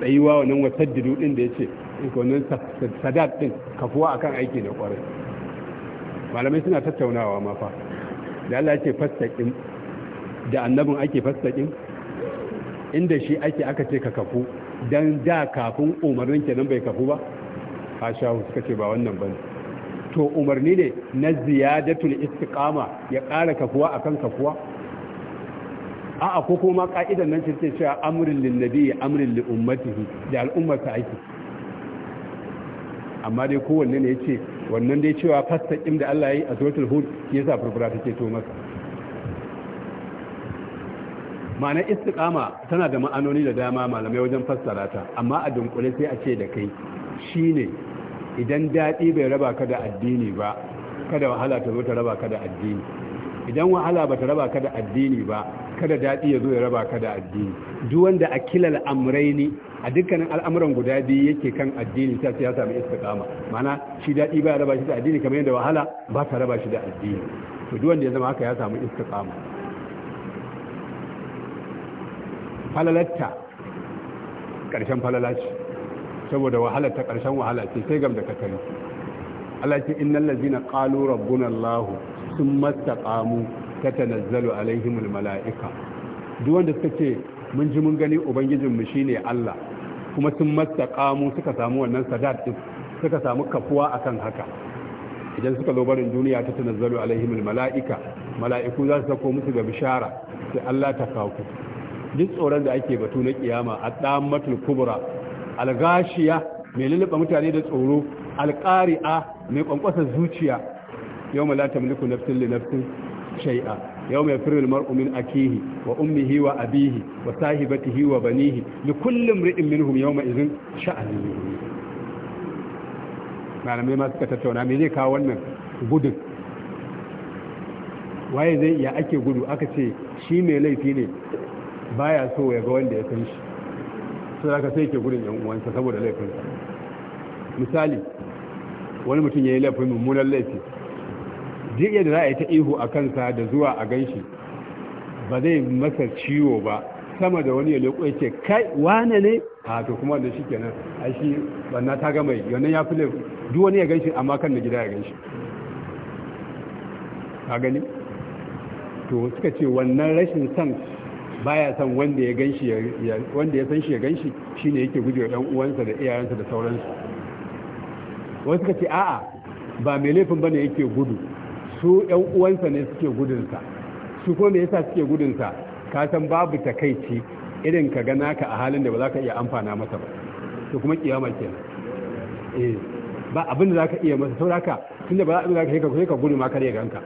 tsayuwa wannan wasaddidu din da yace wannan sadat din kafuwa akan aiki da kwarai malamai suna tattaunawa ma fa da Allah yace fastaqim da annabin ake fastaqim inda shi ake aka ce ka kafu dan da kafin umarnin kenan bai kafu ba ha shahu suka ce ba wannan bane to umarni ne na ziyadatul istiqama ya ƙara kafuwa akan kafuwa a'a ko kuma ka'idan nan ce cewa amrin lin nabi amrin li ummatihi da al'ummata aiki amma dai kowanne ne yace wannan dai cewa fastaqim da Allah yi a suratul hud yasa furfura take to masa ma'ana istiqama tana da ma'anoni da dama malamai wajen fassara ta amma a dunkule sai a ce da kai shine idan daɗi bai raba ka da addini ba kada wahala ta zo ta raba ka da addini idan wahala ba ta raba ka da addini ba kada daɗi ya zo ya raba ka da addini duk wanda a al'amurai ne a dukkanin al'amuran guda biyu yake kan addini ta siya sami istiqama mana shi daɗi ba raba shi da addini kamar yadda wahala ba ta raba shi da addini to duk wanda ya zama haka ya samu istiqama falalatta ƙarshen falalaci saboda wahala ta ƙarshen wahala ce sai gam da ka tare Allah ce innal ladzina qalu rabbuna Allah thumma taqamu tatanazzalu alaihimul malaika duk wanda suka ce mun ji mun gani ubangijin mu shine Allah kuma sun mastaqamu suka samu wannan sadat din suka samu kafuwa akan haka idan suka zo barin duniya ta tanazzalu alaihimul malaika mala'iku za su sako musu ga bishara sai Allah ta kawo duk tsoron da ake batu na kiyama a damatul kubra algashiya mai lulluɓa mutane da tsoro alƙari'a mai ƙwanƙwasa zuciya yau ma la tamliku nafsin li nafsin shay'a yau mai firin mar'u min akihi wa ummihi wa abihi wa sahibatihi wa banihi li kullum ri'in minhum yau ma izin sha'ani malamai ma suka tattauna me zai kawo wannan gudun waye zai iya ake gudu aka ce shi mai laifi ne baya so ya ga wanda ya san shi sai sai ke gudun yan uwansa saboda laifinsa misali wani mutum ya yi laifin mummunan laifi jirgin da za a yi ta ihu a kansa da zuwa a ganshi ba zai masa ciwo ba sama da wani ya leƙo ya kai wane ne a to kuma da shi kenan ai shi banna ta gama yi wannan ya fi laifin duk wani ya ganshi amma kan da gida ya ganshi ka gani to suka ce wannan rashin san baya son wanda ya ganshi wanda ya san shi ya ganshi shine yake gujewa dan uwansa da iyayensa da sauransu wasu kace a'a ba mai laifin bane yake gudu su yan uwansa ne suke gudunsa su ko me yasa suke gudunsa ka san babu takeici irin ka ga naka a halin da ba za ka iya amfana masa ba to kuma kiyama kenan eh ba abin da za ka iya masa sauraka tun da ba za a ɗaga ka sai ka gudu ma kare ganka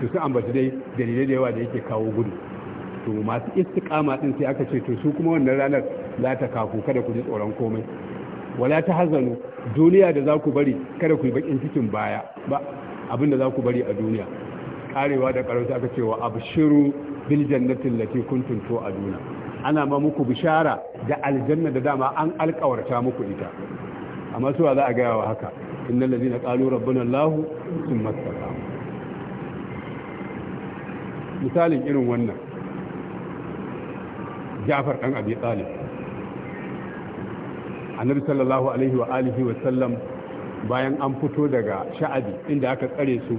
to sai ambaci dai dalilai da yawa da yake kawo gudu to masu istiqama din sai aka ce to su kuma wannan ranar za ta kafu kada ku ji tsoron komai wala ta hazanu duniya da za ku bari kada ku yi bakin cikin baya ba abin da za ku bari a duniya karewa da karanta aka cewa abshiru bil jannatin lati kuntum a aduna ana ma muku bishara da aljanna da dama an alkawarta muku ita amma su za a gaya wa haka innal ladina qalu rabbana allah thumma istaqamu misalin irin wannan ja'far ɗan abi talib annabi sallallahu alaihi wa alihi wa sallam bayan an fito daga sha'abi inda aka tsare su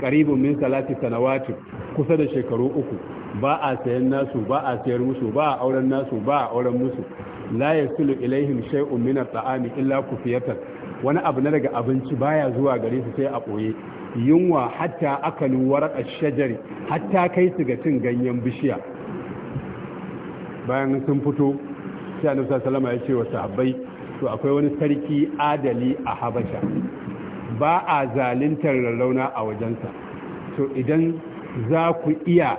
qaribun min salati sanawati kusa da shekaru uku ba a sayan nasu ba a sayar musu ba a auren nasu ba a auren musu la yasulu ilaihim shay'un min at'ami illa kufiyatan wani abu na daga abinci baya zuwa gare su sai a ɓoye. yunwa hatta akalu warqa shajari hatta kai su ga cin ganyen bishiya bayan sun fito sai annabi sallallahu alaihi ya ce wa sahabbai to akwai wani sarki adali a habasha ba a zalintar rarrauna a wajensa to idan za ku iya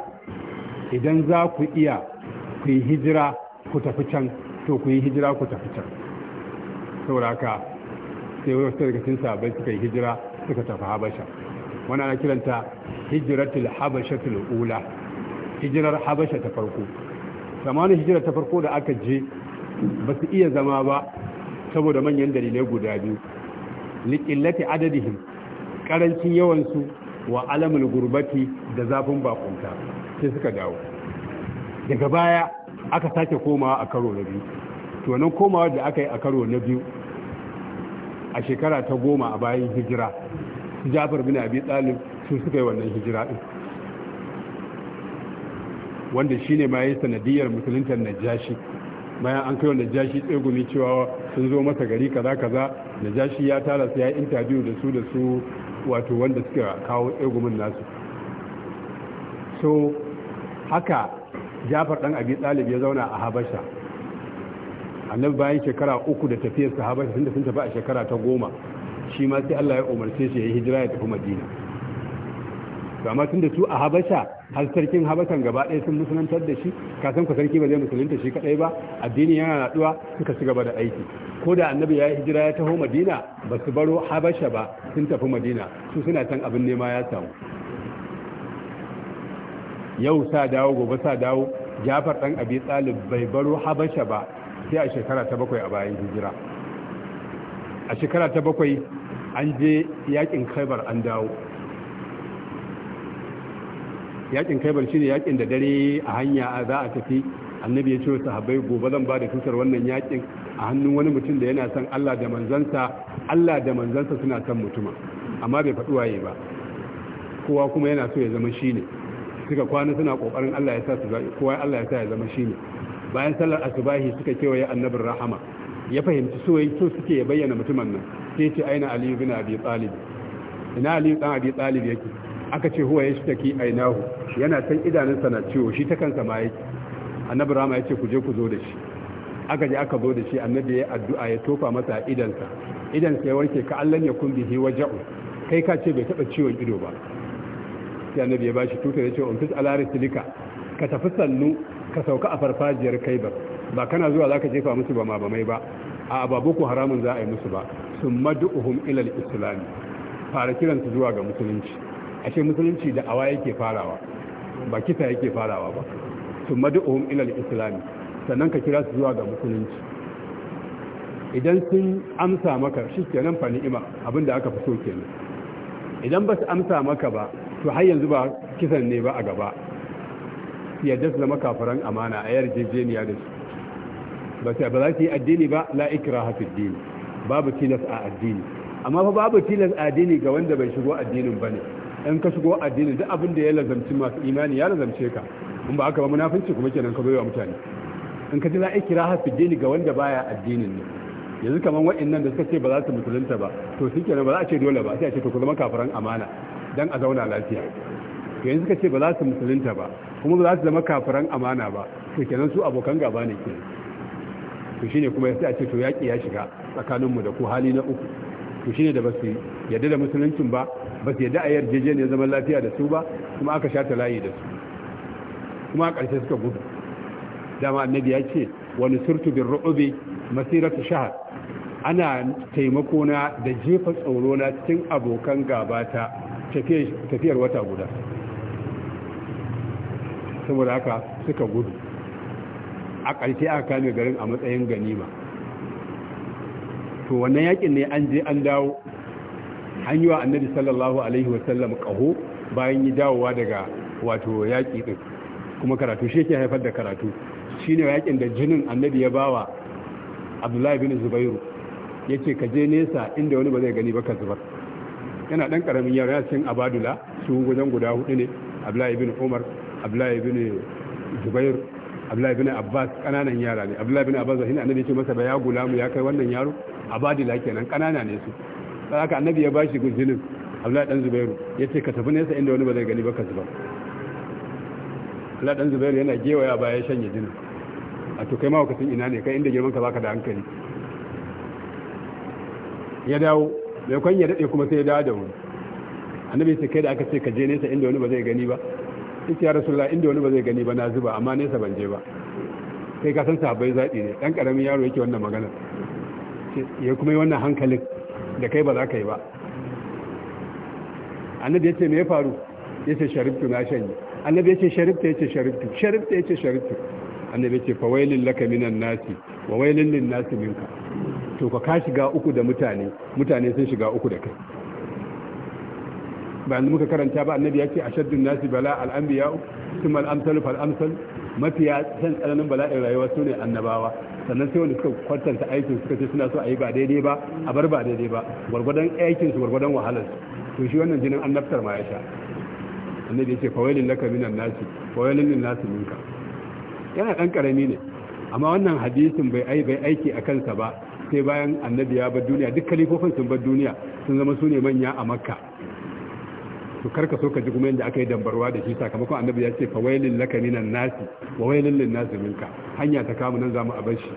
idan za ku iya ku yi hijira ku tafi can to ku yi hijira ku tafi can sauraka sai wasu sarkacin sahabbai suka yi hijira suka tafi habasha wani ana kiranta hijiratul habashatul ula hijirar habasha ta farko samanin hijira ta farko da aka je ba su iya zama ba saboda manyan dalilai guda biyu liƙillati adadihim ƙarancin yawansu wa alamul gurbati da zafin bakunta sai suka dawo daga baya aka sake komawa a karo na biyu to komawa da aka yi a karo na biyu a shekara ta goma a bayan hijira su jafar bin abi tsalin su suka yi wannan hijira ɗin wanda shine ma sanadiyyar sanadiyar musuluntar najashi bayan an kaiwa najashi tsegumi cewa sun zo masa gari kaza kaza najashi ya tara su ya yi interview da su da su wato wanda suka kawo tsegumin nasu so haka jafar dan abi talib ya zauna a habasha annabi bayan shekara uku da tafiyarsa habasha tunda sun tafi a shekara ta goma shi ma sai Allah ya umarce shi ya yi hijira ya tafi madina to amma da su a habasha har sarkin habashan gaba ɗaya sun musulantar da shi ka san ku sarki ba zai musulunta shi kaɗai ba addini yana haɗuwa suka ci gaba da aiki ko da annabi ya yi hijira ya taho madina ba su baro habasha ba sun tafi madina su suna can abin nema ya samu yau sa dawo gobe sa dawo jafar dan abi talib bai baro habasha ba sai a shekara ta bakwai a bayan hijira a shekara ta bakwai an je yakin kaibar an dawo yakin kaibar shine yakin da dare a hanya za a tafi annabi ya ce wa sahabbai gobe zan ba da tutar wannan yakin a hannun wani mutum da yana son Allah da manzansa Allah da manzansa suna son mutuma amma bai faɗi waye ba kowa kuma yana so ya zama shine suka kwana suna kokarin Allah ya sa su kowa Allah ya sa ya zama shine bayan sallar asubahi suka kewaye annabin rahama ya fahimci so so suke ya bayyana mutumin nan sai ce aina ali ibn abi talib ina ali ibn abi talib yake aka ce huwa ya shi ainahu yana san idanunsa na ciwo shi ta kansa ma yake annabi rama ya ce ku je ku zo da shi aka je aka zo da shi annabi ya addu'a ya tofa masa idansa idansa ya warke ka allan ya kun bihi waja'u kai ka ce bai taba ciwon ido ba sai annabi ya bashi tutar ya ce fis ala silika. ka tafi sannu ka sauka a farfajiyar kai ba ba kana zuwa zaka jefa musu ba ma ba mai ba a ba haramun za a yi musu ba sun madu'uhum ilal islami fara kiransu zuwa ga musulunci ashe musulunci da awa yake farawa ba kisa yake farawa ba su madu'uhum ilal islami sannan ka kira su zuwa ga musulunci idan sun amsa maka shi ke nan fa ima abinda aka fi so kenan idan ba su amsa maka ba to har yanzu ba kisan ne ba a gaba yadda su zama kafaran amana a yarjejeniya da su ba sai ba za su yi addini ba la'ikira hafi dini babu tilas a addini amma fa babu tilas a addini ga wanda bai shigo addinin ba ne. in ka shigo addini duk abin da ya lazamci masu imani ya lazamce ka in ba aka ba munafunci kuma kenan ka baiwa mutane in ka ji za a kira hafi dini ga wanda baya addinin ne yanzu kamar waɗannan da suka ce ba za su musulunta ba to shi kenan ba za a ce dole ba sai a ce to ku zama kafiran amana dan a zauna lafiya to yanzu suka ce ba za su musulunta ba kuma ba za su zama kafiran amana ba to kenan su abokan gaba ne kenan to shine kuma sai a ce to yaƙi ya shiga tsakaninmu da ku hali na uku to shine da ba su yarda da musuluncin ba ba su da'ayar a ya zaman lafiya da su ba kuma aka sha ta layi da su kuma a ƙarshe suka gudu dama annabi ya ce wani surtu bin ru'ubi masiratu shahar ana taimako na da jefa tsoro na cikin abokan gabata tafiyar wata guda saboda haka suka gudu a ƙarshe aka kame garin a matsayin ganima to wannan yakin ne an je an dawo an yi wa annabi sallallahu alaihi wasallam kaho bayan yi dawowa daga wato yaƙi ɗin kuma karatu shi yake haifar da karatu shi ne yaƙin da jinin annabi ya bawa abdullahi bin zubairu ce ka je nesa inda wani ba zai gani ba ka zubar yana ƙaramin karamin yara cin abadula su wajen guda hudu ne abdullahi bin umar abdullahi bin zubairu abdullahi bin abbas ƙananan yara ne abdullahi bin abbas shine annabi ce masa ba ya mu ya kai wannan yaro abadila kenan ƙanana ne su da haka annabi ya bashi guzinin abdullahi dan zubairu ya ce ka tafi nesa inda wani ba zai gani ba ka zuba abdullahi dan zubairu yana gewaya baya shanye jinin a to kai ma wakatun ina ne kai inda girman ka baka da hankali ya dawo mai kwan ya daɗe kuma sai ya dawo da wani annabi sai kai da aka ce ka je nesa inda wani ba zai gani ba ita ya rasulullah inda wani ba zai gani ba na zuba amma nesa ban je ba kai ka san sahabbai zaɓi ne ɗan ƙaramin yaro yake wannan magana ya kuma yi wannan hankalin da kai ba za ka yi ba annabi ya ce me ya faru ya ce sharibtu na shanye annabi ya ce sharibta ya ce sharibtu sharibta ya ce sharibtu annabi ya ce fa wailin laka minan nasi wa wailin lin nasi minka to ka ka shiga uku da mutane mutane sun shiga uku da kai ba annabi muka karanta ba annabi ya ce ashaddun nasi bala al anbiya thumma al amsal fal amsal mafiya san tsananin bala'in rayuwa sune annabawa sannan sai wanda suka kwatanta aikin suka ce suna so a yi ba daidai ba a bar ba daidai ba gwargwadon aikin su gwargwadon wahalar to shi wannan jinin an naftar ma ya sha annabi yake fawailin laka minan nasi fawailin lin nasi minka yana dan karami ne amma wannan hadisin bai ai bai aiki a kansa ba sai bayan annabi ya bar duniya duk kalifofin sun bar duniya sun zama su ne manya a makka to karka so ka ji kuma yadda aka yi dambarwa da shi sakamakon annabi ya ce fawailin laka ni nan nasi wa wailin lin nasi minka hanya ta kamu nan zamu a shi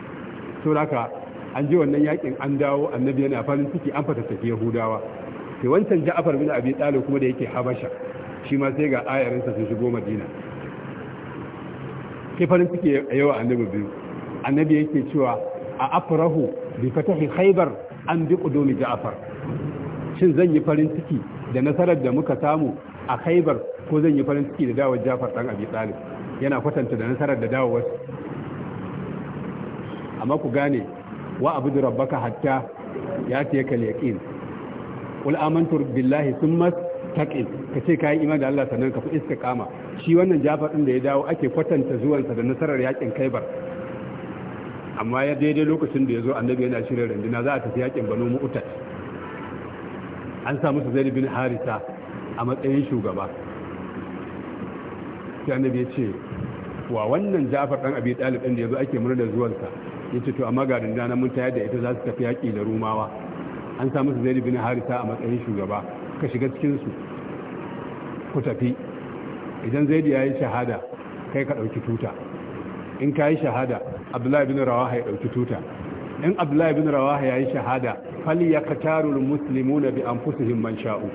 to haka an je wannan yakin an dawo annabi yana farin ciki an fata tafi yahudawa sai wancan ja'far bin abi talib kuma da yake habasha shi ma sai ga ayarinsa sun shigo madina ke farin ciki a yawa annabi biyu annabi yake cewa a afrahu bi fatahi khaybar an bi qudumi ja'far shin zan yi farin ciki da nasarar da muka samu a Khaibar ko zan yi farin ciki da dawowar Jafar dan Abi Talib yana kwatanta da nasarar da dawowar amma ku gane wa abudu rabbaka hatta ya ce ka yaqin qul amantu billahi thumma taqin kace kai iman da Allah sannan ka fi iska kama shi wannan Jafar din da ya dawo ake kwatanta zuwansa da nasarar yakin Khaibar amma ya daidai lokacin da ya zo annabi yana shirin randuna za a tafi yakin banu mu'tad an sa musu zai bin harisa a matsayin shugaba sai annabi ya ce wa wannan jafar dan abi talib din da yazo ake murna zuwansa ce to amma ga dindana mun tayar da ita za su tafi yaki da rumawa an sa musu zai bin harisa a matsayin shugaba ka shiga cikin su ku tafi idan zaid ya yi shahada kai ka dauki tuta in ka yi shahada abdullahi bin rawaha ya ɗauki tuta in abdullahi bin ya yi shahada fali yaqtarul muslimuna bi anfusihim man sha'u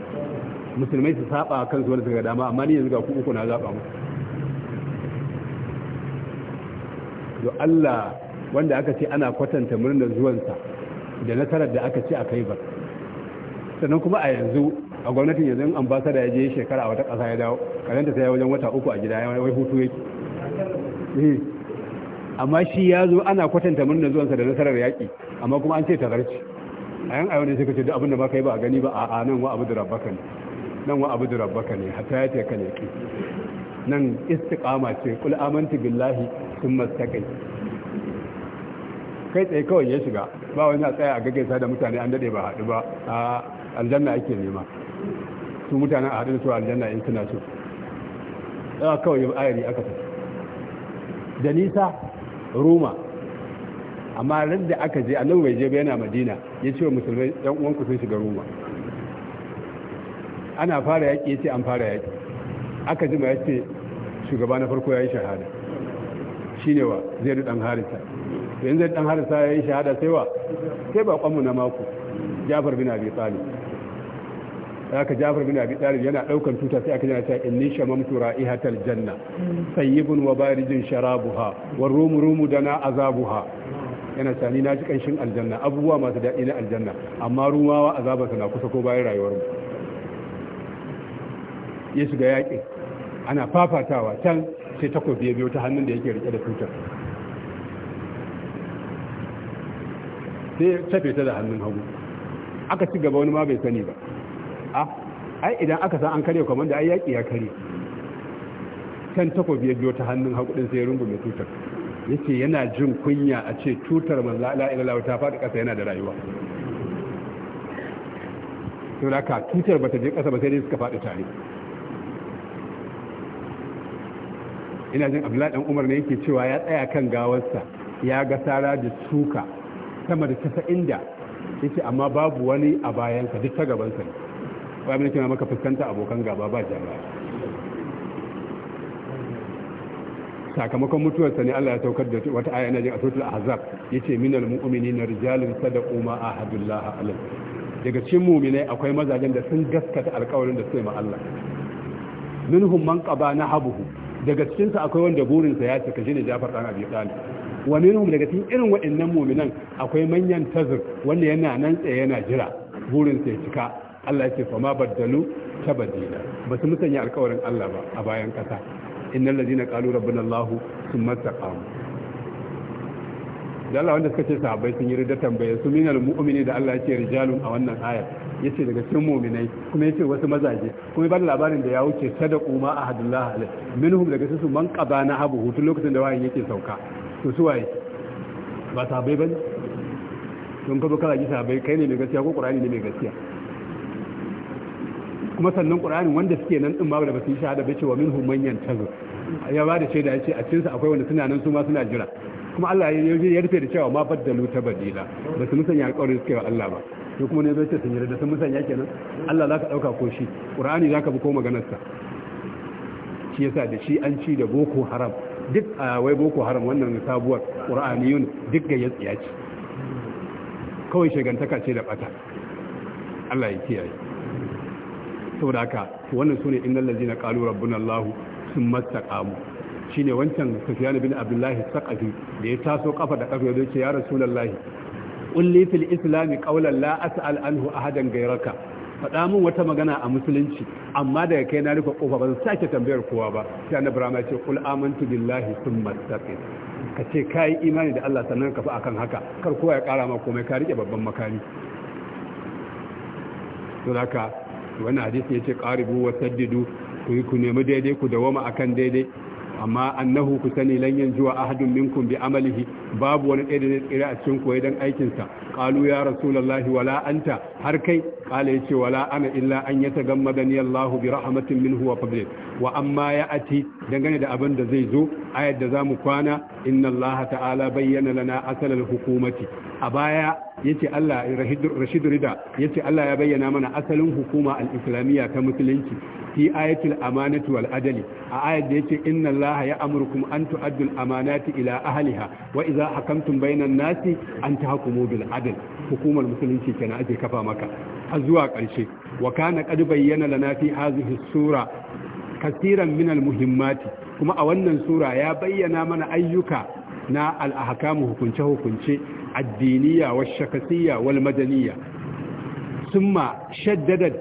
musulmai su saba kansu wanda suka dama amma ni yanzu ga ku uku na zaba mu do Allah wanda aka ce ana kwatanta murnar zuwansa da nasarar da aka ce a kai ba sannan kuma a yanzu a gwamnatin yanzu in ambasada ya je shekara a wata ƙasa ya dawo karanta sai wajen wata uku a gida ya wai hutu yake eh. amma shi ya zo ana kwatanta murna zuwansa da nasarar yaƙi amma kuma an ce ta tazarci a yan ayyana sai ka ce duk abin da ba ka yi ba a gani ba a nan wa abu da rabbaka ne nan wa abu da rabbaka ne hatta ya ce ka ne ki nan istiqama ce kul amantu billahi thumma istaqim kai tsaye kawai ya shiga ba wani a tsaya a sa da mutane an dade ba haɗu ba a aljanna ake nema su mutanen a haɗu da su aljanna in suna so kawai ayari aka tafi da nisa roma amma ran da aka je annabi bai je ba yana madina ya ce wa musulmai yan uwanku sun shiga roma ana fara yaƙi ya ce an fara yaƙi aka jima ya ce shugaba na farko ya yi shahada shi ne wa zai dan harisa yanzu dan harisa ya yi shahada sai wa sai baƙonmu na mako jafar bin abi talib haka Jafar bin Abi Talib yana daukan tuta sai aka ji ta inni shamamtu ra'ihatal janna sayyibun wa barijun sharabuha wa rumu rumu dana azabuha yana tani na ji kanshin aljanna abubuwa masu daɗi na aljanna amma rumawa azaba suna kusa ko bayan rayuwar mu ya shiga yaƙi ana fafatawa can sai ta ya biyo ta hannun da yake rike da tutar sai tafe ta da hannun hagu aka ci gaba wani ma bai sani ba a ai idan aka san an karya kwamanda ai yaƙi ya karye can takobi ya biyo ta hannun haƙudin sai mai tutar ya ce yana jin kunya a ce tutar manzala ilalawa ta faɗi ƙasa yana da rayuwa sau da ka tutar ba ta je ƙasa ba sai dai suka faɗi tare ina jin abdullahi Dan umar ne yake cewa ya tsaya kan gawarsa ya ga sara da suka sama da casa'in da ya ce amma babu wani a bayansa duk ta gabansa ne ba mai maka fuskanta abokan gaba ba jama sakamakon mutuwarsa ne Allah ya saukar da wata aya na jin asusul ahzab yace minal mu'minina rijalun sadaqu a ahadullah alal daga cikin mu'minai akwai mazajen da sun gaskata alƙawarin da suka ma Min minhum man na habuhu daga cikinsa akwai wanda burinsa ya cika ne Jafar ɗan abu ya wa minhum daga cikin irin waɗannan mu'minan akwai manyan tazir wanda yana nan tsaye yana jira burinsa ya cika Allah ya ce fa ma baddalu tabdila ba su musanya alƙawarin Allah ba a bayan kasa innal ladina qalu rabbana Allah thumma taqamu da Allah wanda suka ce sahabbai sun yi rida tambaya su minal mu'mini da Allah ya ce rijalun a wannan ya yace daga cikin mu'minai kuma yace wasu mazaje kuma ban labarin da ya wuce sadaqu ma ahadullah alaihi minhum daga su man qabana habu tun lokacin da wayan yake sauka to su waye ba sahabbai bane don ka baka ji sahabbai kai ne mai gaskiya ko qur'ani ne mai gaskiya kuma sannan qur'ani wanda suke nan din babu da basu shahada bace wa min man yantazu ya ba da shaida yace a cikin su akwai wanda suna nan su ma suna jira kuma Allah ya yi ya rufe da cewa ma baddalu ta badila ba su musanya alƙawarin suke wa Allah ba to kuma ne zai ce sun da sun musanya kenan Allah za ka ɗauka ko shi ƙur'ani za ka bi ko maganarsa shi yasa da shi an ci da boko haram duk a wai boko haram wannan sabuwar ƙur'aniyun duk ga yatsiya ce kawai shagantaka ce da ɓata Allah ya kiyaye saboda haka wannan sune innal ladina qalu rabbuna allah summa shi shine wancan sufyan bin abdullahi saqafi da ya taso kafa da kafa ya ce ya rasulullahi qulli fil islam qawlan la as'al anhu ahadan gairaka faɗa min wata magana a musulunci amma daga kai na rufe kofa ba zan sake tambayar kowa ba sai annabi rama ce qul amantu billahi thumma istaqim ka ce kai imani da Allah sannan ka fi akan haka kar kowa ya kara ma komai ka rike babban makami to haka Wani hadisi ya ce wa saddidu ku ku nemi daidai ku a akan daidai amma annahu ku sani zuwa yanjuwa ahadun minkum bi amalihi babu wani ɗaya da tsira a cikin koyi dan aikin sa qalu ya rasulullahi wala anta har kai ya ce wala ana illa an yatagammadani Allahu bi rahmatin minhu wa fadlin wa amma ya ati dangane da abin da zai zo ayat da zamu kwana inna Allah ta'ala bayyana lana asalin hukumati a baya yace Allah Rashid Rida yace Allah ya bayyana mana asalin hukuma al-islamiyya ta musulunci fi ayatul amanati wal adli a ayat da yace inna Allah ya amurkum an tu'addu al-amanati ila ahliha wa idza hakamtum bainan nasi an tahkumu bil adl hukumar musulunci kenan ake kafa maka A zuwa ƙarshe wa kana qad bayyana lana fi hadhihi sura kasiran min al-muhimmati kuma a wannan sura ya bayyana mana ayyuka na al-ahkamu hukunce hukunce addiniya wa shakasiyya wal madaniya summa shaddadat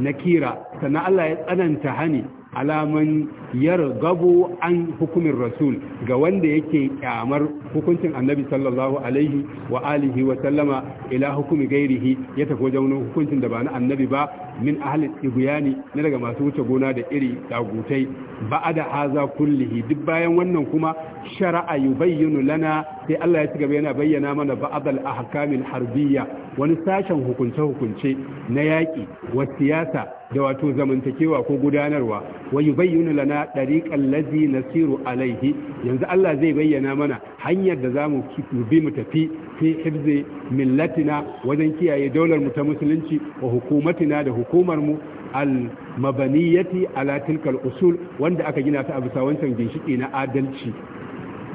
nakira sannan Allah ya tsananta hani alaman yargabu an hukumin rasul ga wanda yake kyamar hukuncin annabi sallallahu alaihi wa alihi wa sallama ila hukumi gairihi ya tafi wajen hukuncin da ba na annabi ba min ahalin tsibiyani na daga masu wuce gona da iri dagutai ba'ada da haza kullihi duk bayan wannan kuma shara'a yubayyinu lana sai Allah ya ci gaba yana bayyana mana ba'dal ahkamil harbiyya wani sashen hukunce hukunce na yaki wa siyasa da wato zamantakewa ko gudanarwa wa yubayyinu lana lana dariqal ladhi nasiru alaihi yanzu Allah zai bayyana mana hanyar da zamu bi mu tafi fi hifzi millatina wajen kiyaye daular mu ta musulunci wa hukumatina da hukumar mu al mabaniyati ala tilkal usul wanda aka gina ta a bisa wancan ginshiki na adalci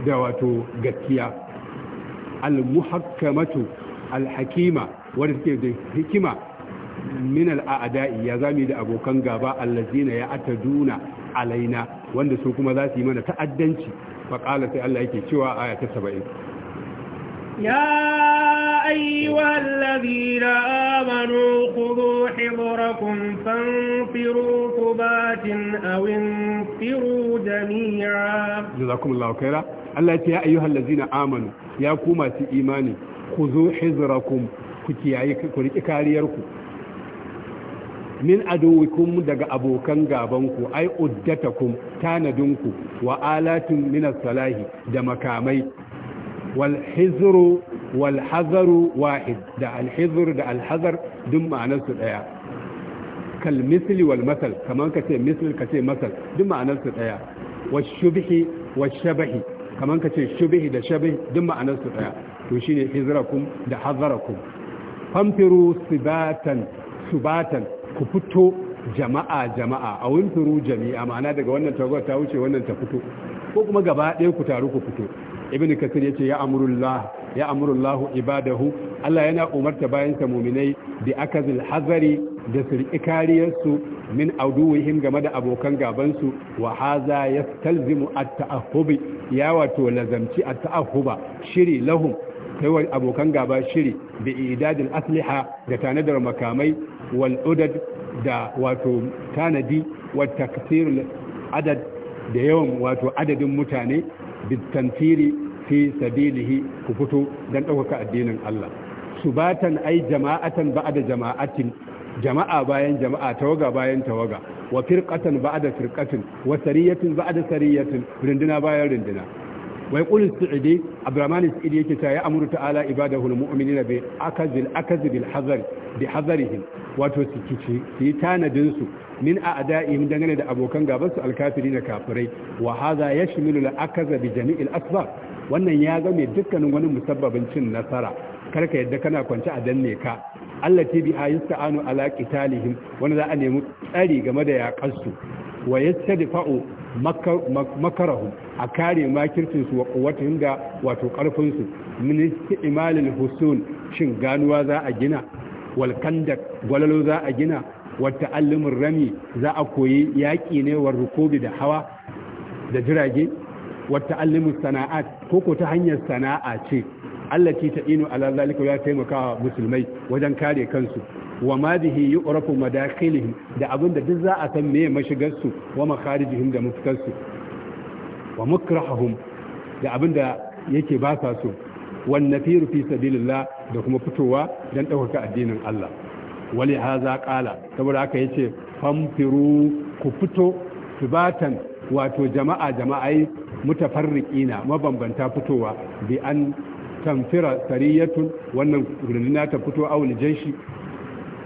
da wato gaskiya al muhakkamatu al hakima wanda take da hikima min a'da'i ya zami da abokan gaba allazina ya ataduna alaina wanda su kuma za su yi mana ta'addanci faƙala sai Allah yake cewa a yata saba'in ya ayyuwa allazi da amano ku zo hibirakun fanfiro ku batin awin firo jami'a zuza kuma laukaira Allah yake ya ayyuwa allazi na amano ya kuma su imani ku zo hibirakun ku kiyaye kariyarku min aduwikum daga abokan gabanku ai uddatakum tanadinku wa alatin min salahi da makamai wal hizru wal hazaru wahid da al hizru da al hazar duk ma'anar su daya kal misli wal masal kaman ce misl ce masal duk ma'anar su daya wal shubhi wal shabahi kaman ce shubhi da shabih duk ma'anar su daya to shine hizrakum da hazarakum famfiru sibatan subatan ku fito jama'a jama'a a winturu jami'a ma'ana daga wannan tawagar ta wuce wannan ta fito ko kuma gaba ɗaya ku taru ku fito ibn kasir yace ya amrullah ya amrullah ibadahu Allah yana umarta bayan sa mu'minai bi akazil hazari da su kariyarsu min auduwihim game da abokan gabansu wa haza yastalzimu at-ta'ahhubi ya wato lazamci at-ta'ahhuba shiri lahum kai abokan gaba shiri da idadin asliha da tanadar makamai wal udad da wato tanadi wa taksirul adad da yawan wato adadin mutane tantiri fi sabilihi ku fito don ɗaukaka addinin Allah subatan ai jama'atan ba'da jama'atin jama'a bayan jama'a tawaga bayan tawaga wa firqatan ba'da firqatin wa sariyatin ba'da sariyatin rinduna bayan rinduna Wai yaqulu sa'idi abdurrahman sa'idi yake ta ya amuru ta'ala ibadahu mu'minina bi akazil akazil hazar bi hazarihim wato su kici su yi tanadin su min a'da'ihim dangane da abokan gaban su alkafirina kafirai wa hadha yashmilu al akaza bi jami'il asbab wannan ya ga mai dukkanin wani musabbabin cin nasara karka yadda kana kwance a danne ka Allah ta biha sa'anu ala qitalihim wanda za a nemi tsari game da yaƙarsu wa yastadfa'u Makarahu, a kare makircinsu wa kuwatun da wato karfinsu ministi imalin husun shin ganuwa za a gina walkandak gwalalo za a gina wata allumin rami za a koyi yaƙi ne wa rukobi da hawa da jirage wata allumin sana'a? ko ko ta hanyar sana'a ce allati ta'inu ala zalika ya taimaka musulmai wajen kare kansu wa ma bihi yu'rafu madakhilihim da abinda duk za a san meye mashigar su wa makharijihim da mufkar su wa mukrahum da abinda yake ba sa so wan nafiru fi sabilillah da kuma fitowa dan dauka addinin Allah wali haza qala saboda haka yace famfiru ku fito tubatan wato jama'a jama'ai mutafarriqina mabambanta fitowa bi an tamfira sariyatun wannan na ta fito awul janshi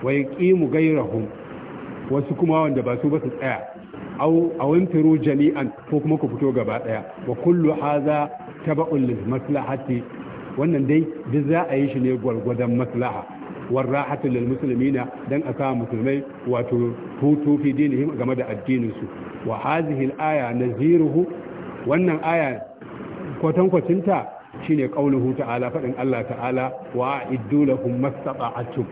wa gaira ghayrahum wasu kuma wanda ba su ba su tsaya wancan awantiru jami'an ko kuma ku fito gaba daya wa kullu hadha taba'un lil maslahati wannan dai duk za a yi shi ne gwargwadon maslaha warrahatu lil muslimina dan a kawo musulmai wato hutu fi dinihim game da addinin su wa hadhihi al aya naziruhu wannan aya kwatankwacinta shine qauluhu ta'ala fadin Allah ta'ala wa iddu lahum mastata'atum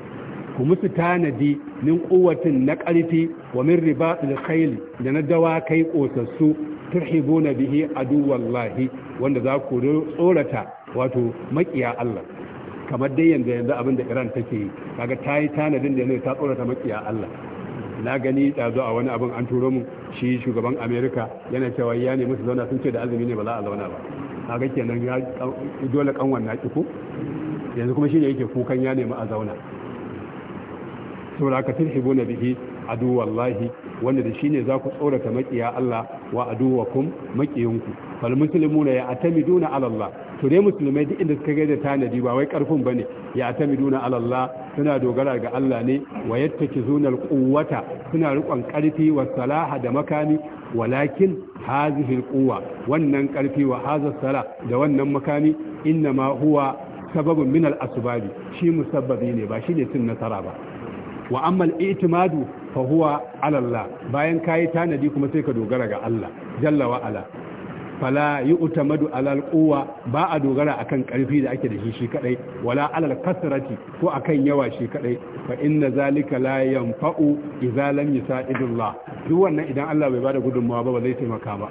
ku musu tanadi min quwwatin na ƙarfi wa min ribatil khayl da na dawa dawakai kosassu turhibuna bihi wallahi wanda za ku tsorata wato makiya Allah kamar dai yanzu yanzu abin da Iran take yi kaga ta yi tanadin da ne ta tsorata makiya Allah na gani ɗazu a wani abin an turo mu shi shugaban Amerika yana cewa ya ne musu zauna sun ce da azumi ne ba za a zauna ba kaga kenan ya dole kanwan na ko yanzu kuma shine yake kukan ya nemi a zauna saboda ka tilhibuna na bihi adu wallahi wanda da shine za ku tsorata makiya Allah wa kum makiyinku fal muslimuna ya atamiduna ala Allah to dai musulmai duk inda suka ga da tanadi ba wai karfin bane ya atamiduna ala Allah suna dogara ga Allah ne wa yattakizuna alquwwata suna riƙon ƙarfi wa salaha da makami walakin hazihi alquwwa wannan ƙarfi wa hadha sala da wannan makami innama huwa sababun min al-asbabi shi musabbabi ne ba shi ne cin nasara ba wa amma al-i'timadu Fahuwa alallah bayan kayi tanadi kuma sai ka dogara ga Allah jalla wa ala fala yu'tamadu alal alquwa ba a dogara akan karfi da ake da shi shi kadai wala ala kasrati ko akan yawa shi kadai fa inna zalika la yanfa'u idza lam yusaidullah duk wannan idan Allah bai bada gudunmawa ba ba zai taimaka ba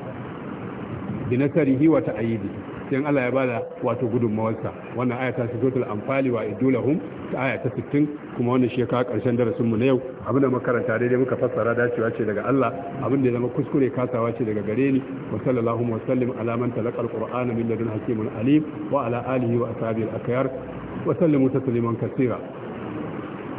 bi nasarihi wa ta'ayidi in Allah ya bada wato gudunmawarsa wannan aya ta da amfali wa idulahum ta aya ta 60 kuma wannan shi karshen darasin mu na yau abinda muka karanta daidai muka fassara dacewa ce daga Allah abinda zama kuskure kasawa ce daga gare ni wa sallallahu wa sallim ala man talaqa alqur'ana min ladun hakimul alim wa ala alihi wa ashabihi al wa sallimu tasliman katira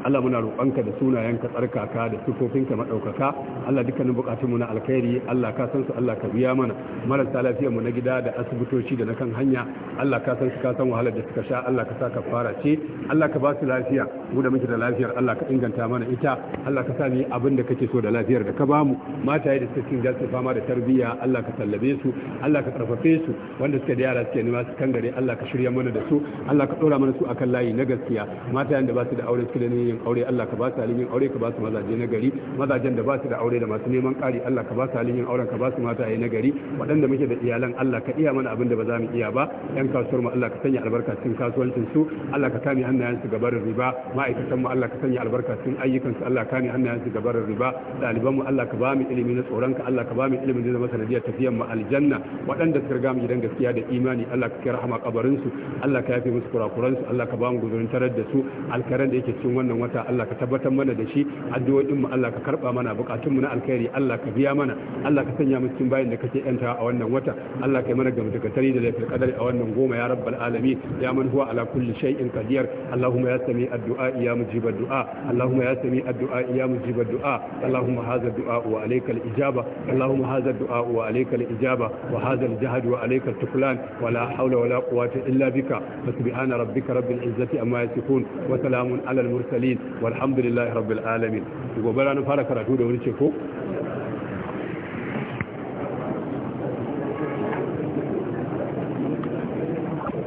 Allah muna roƙonka da sunayenka tsarkaka da sufofinka maɗaukaka Allah dukkanin bukatunmu na alkhairi Allah ka san su Allah ka biya mana marasa lafiyar mu na gida da asibitoci da na kan hanya Allah ka san su ka san wahalar da suka sha Allah ka sa ka fara ce Allah ka ba su lafiya mu da muke da lafiyar Allah ka inganta mana ita Allah ka sa ni abin da kake so da lafiyar da ka ba mu mataye da suke cikin su fama da tarbiyya Allah ka sallabe su Allah ka karfafe su wanda suke da yara suke nima su kan gare Allah ka shirya mana da su Allah ka ɗora mana su akan layi na gaskiya matayen da ba su da aure suke da yin aure Allah ka ba su halin yin aure ka ba su mazaje na gari mazajen da ba su da aure da masu neman ƙari Allah ka ba su halin yin auren ka ba su mata yi na gari waɗanda muke da iyalan Allah ka iya mana abin da ba za mu iya ba yan kasuwar mu Allah ka sanya albarka cikin kasuwancin su Allah ka kame hannayen su gabar riba ma'aikatan mu Allah ka sanya albarka cikin ayyukan su Allah ka kame hannayen su gabar riba ɗaliban mu Allah ka ba mu ilimi na tsoron ka Allah ka ba mu ilimin da zama sanadiyar tafiyar mu aljanna waɗanda suka riga mu gidan gaskiya da imani Allah ka kira hama kabarin su Allah ka yafe musu kurakuran su Allah ka ba mu guzurin tarar da su alkaran da yake cikin wannan wata Allah ka tabbatar mana da shi addu'o'in mu Allah ka karba mana bukatun mu na alkhairi Allah ka biya mana Allah ka sanya mu cikin bayin da kake yanta a wannan wata Allah ka yi mana tare da lafiyar kadari a wannan goma ya rabbal alamin ya man huwa ala kulli shay'in qadir Allahumma ya sami addu'a ya mujib addu'a Allahumma ya sami addu'a ya mujib du'a. Allahumma hadha du'a wa alayka al-ijaba Allahumma hadha du'a wa alayka al-ijaba wa hadha al-jahd wa alayka al-tuklan wa la hawla wa la quwwata illa bika subhana rabbika rabbil izzati amma yasifun wa salamun ala al-mursalin والحمد لله رب gobe ranar fara karatu da wuri ce ko